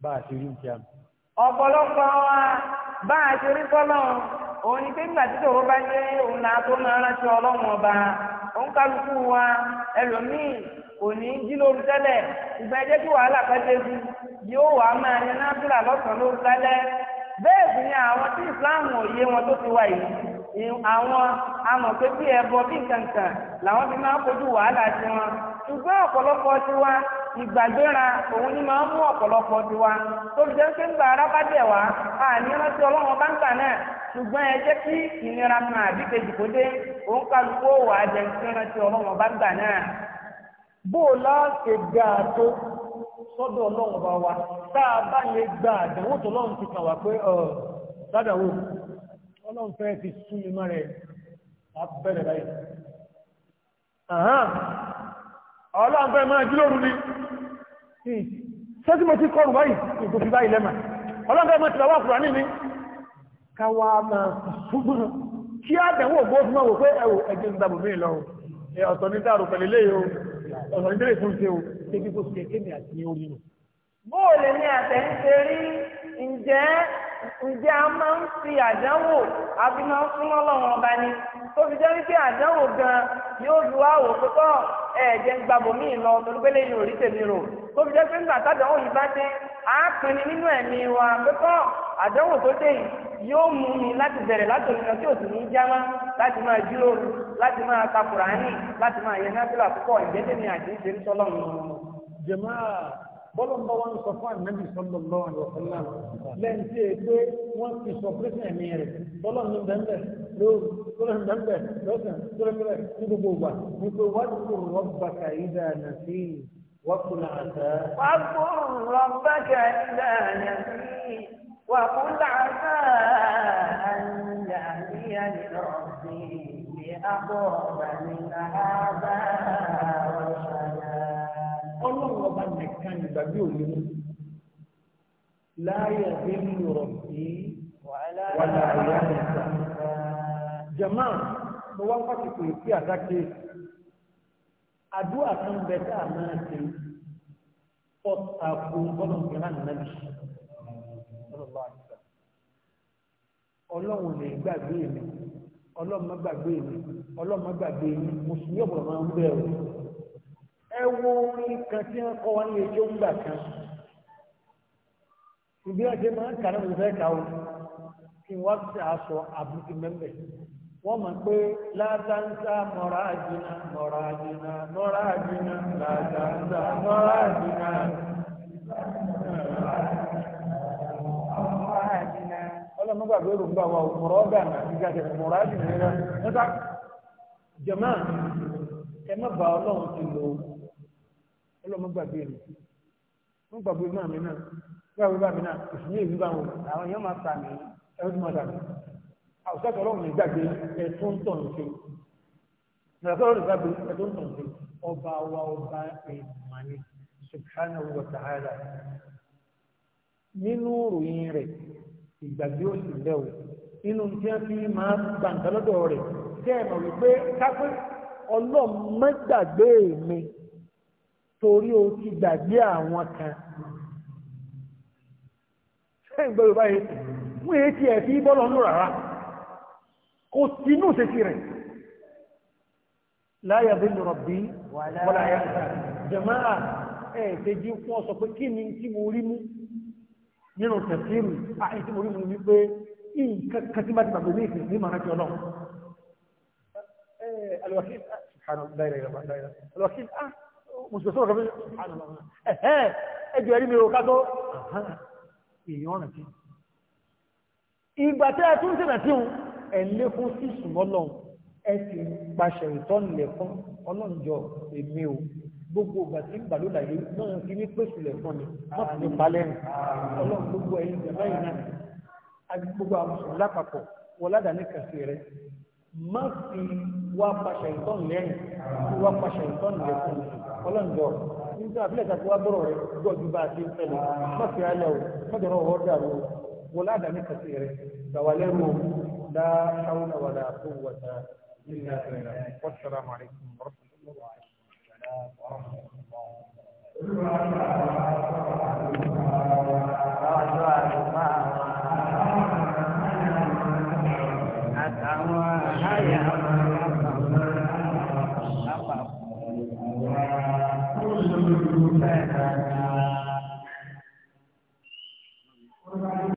bá a rí ọ̀pọ̀lọpọ̀ wa bá a ṣe rí fọlọ́run òun ni pé nígbà tí bá dé òun là á tó máa rántí ọba òun kálukú wa ẹlòmíì kò ní í jí lóru tẹ́lẹ̀ ìgbà ẹjẹ́ kí wàhálà pẹ́ máa lọ́sàn lóru tẹ́lẹ̀ bẹ́ẹ̀ àwọn tí ìsìláàmù òye wọn tó ti àwọn ìgbàgbéra òun ni máa ń mú ọ̀pọ̀lọpọ̀ ti wa tó fi ń gba arábàjẹ́ wa àní rántí ọlọ́run báńkà náà ṣùgbọ́n ẹ jẹ́ kí ìnira kan àbí kejì kó dé òun kálukú òwò àjẹ ń ọlọ́run náà. bó o ṣe gbà tó wa tá a bá àdánwò tó lọ́run ti kàn wá pé ọlọ́run fẹ́ fi ọlọ́run fẹ́ máa jílòrú ní hmm. ṣẹ́tí mo ti kọrù báyìí ìgbò fi báyìí lẹ́mà ọlọ́run fẹ́ máa ti lọ́wọ́ kùránì ní káwà máa ṣùgbọ́n kí á dẹ̀wọ́ ògbó fún ọwọ́ pé ẹwọ ẹgbẹ́ ìgbàbò mí lọ ọ̀tọ̀ ní dáàrù pẹ̀lú ilé o ọ̀tọ̀ ní dẹ́rẹ̀ fún ṣe o ṣe kí ǹjẹ́ a máa ń fi àdánwò àbí máa ń fún ọlọ́run ọba ni tó fi jẹ́ wípé gan yóò lu àwò gbàbọ̀ lọ lẹ́yìn òrí tèmi rò tó fi jẹ́ pé nígbà tádánwò yìí bá wa àdánwò tó dé yìí yóò mi láti bẹ̀rẹ̀ láti òmìnira tí òsì ní bọ́lọ̀ ń bá wọn sọ fún ànábì sallallahu alaihi wasallam lẹ́yìn tí è pé wọ́n fi sọ pẹ́sẹ̀ ẹ̀mí rẹ̀ bọ́lọ̀ ń bẹ̀m̀bẹ̀ lóòrùn tọ́lọ̀ ń bẹ̀m̀bẹ̀ lọ́sàn tọ́lọ̀mẹ́rẹ̀ ní gbogbo ìgbà wípé wadkur rabbaka idha nìkan nígbàgbé òní mú láyà bí ń lọ̀rọ̀ sí wàhálà ìyá nìkan. jama mo wá pàtàkì sí àdáké àdúrà kan bẹ tá a máa ṣe ọ̀tà fún bọ́lọ̀ ìran nàbì ọlọ́run lè gbàgbé mi ọlọ́run má gbàgbé mi ọlọ́run má gbàgbé mi mùsùlùmí ọ̀pọ̀lọpọ̀ máa ń bẹ̀rù ẹ wo orin kan tí wọ́n kọ́ wa ní ẹjọ́ ńgbà kan ìbí ọjọ́ máa ń kà náà mo fẹ́ kà ó kí wọ́n ti aṣọ àbùkù mẹ́mbẹ̀ wọ́n mọ̀ pé látàǹtà mọ̀rá àjìnà mọ̀rá àjìnà mọ̀rá àjìnà látàǹtà mọ̀rá àjìnà ọlọ́mọgbà bẹ́ẹ̀ ló ń gbà wá mọ̀rọ̀ ọ̀gá náà ìgbà tẹ̀lé yẹn náà wọ́n ẹ má bà ọlọ́run ti lò ó ọlọ́mọ gbàgbé mi wọ́n gbàgbé máa mi náà gbàgbé bá mi náà ìsìnyí èmi bá wọn àwọn èèyàn máa ta mi ẹ̀rọ tí mo dà mí àwùsọ́tọ̀ ọlọ́run ní gbàgbé ẹ̀tún tàn ṣe ìrọ̀sọ́rọ̀ ní gbàgbé ẹ̀tún tàn ṣe ọba wa ọba ìmọ̀ni subhanahu wa ta'ala nínú ròyìn rẹ̀ ìgbàgbé òsì lẹ́wọ̀ nínú tí wọ́n fi máa gbàǹkà lọ́dọ̀ rẹ̀ jẹ́ ẹ̀mọ̀ wípé kápẹ́ torí o ti gbàgbé àwọn kan ṣe ń gbẹ̀rù báyìí wọ́n èé ti ẹ̀fí bọ́lọ̀ ń lò rárá kò sínú ṣe sí rẹ̀ láyà bí lọ́rọ̀ bí wọ́lá yà jẹ̀máà ẹ̀ tẹ́jú fún ọ sọ pé kí ni tí mo rí mú nínú tẹ̀síìrù ah, àti tí mo ah subhanallah la ilaha illa allah ah mùsùlùmí sọ̀rọ̀ kẹfẹ́ ẹ̀hẹ́ ẹjọ́ ẹ̀rí mi ò ká tó èèyàn ọ̀nà tí ìgbà tẹ́ ẹ tún sí nà tí ń ẹ̀ lékún sí sùmọ́lọ̀ ẹ sì pàṣẹ ìtọ́nilẹ̀ fún ọlọ́njọ́ èmi o gbogbo ìgbà tí ń bà ló dàgbé náà fi ní pèsè lẹ̀ fún mi wọ́n ti ní palẹ́ rìn ọlọ́run gbogbo ẹ̀yìn ìjọba yìí náà àti gbogbo àwọn mùsùlùmí lápapọ̀ wọ́n ládàá ní kàṣí rẹ̀ má fi wá pàṣẹ ìtọ́nilẹ̀ rìn wá pàṣẹ ìtọ́nilẹ̀ fún mi ọlọ́njọ́ nígbà àbílẹ̀ tàbí wá bọ̀rọ̀ rẹ̀ gbọ́jú bá a ti ń fẹ́ lọ mọ́sí ayọ̀ mọ́jọ̀rọ̀ ọ̀rọ̀ dàrú wọ ládàá ní kàtí rẹ̀ gbàwálẹ́rù la hawla wala quwwata illa billah wassalamu alaikum warahmatullahi wabarakatuh àtàwọn àyà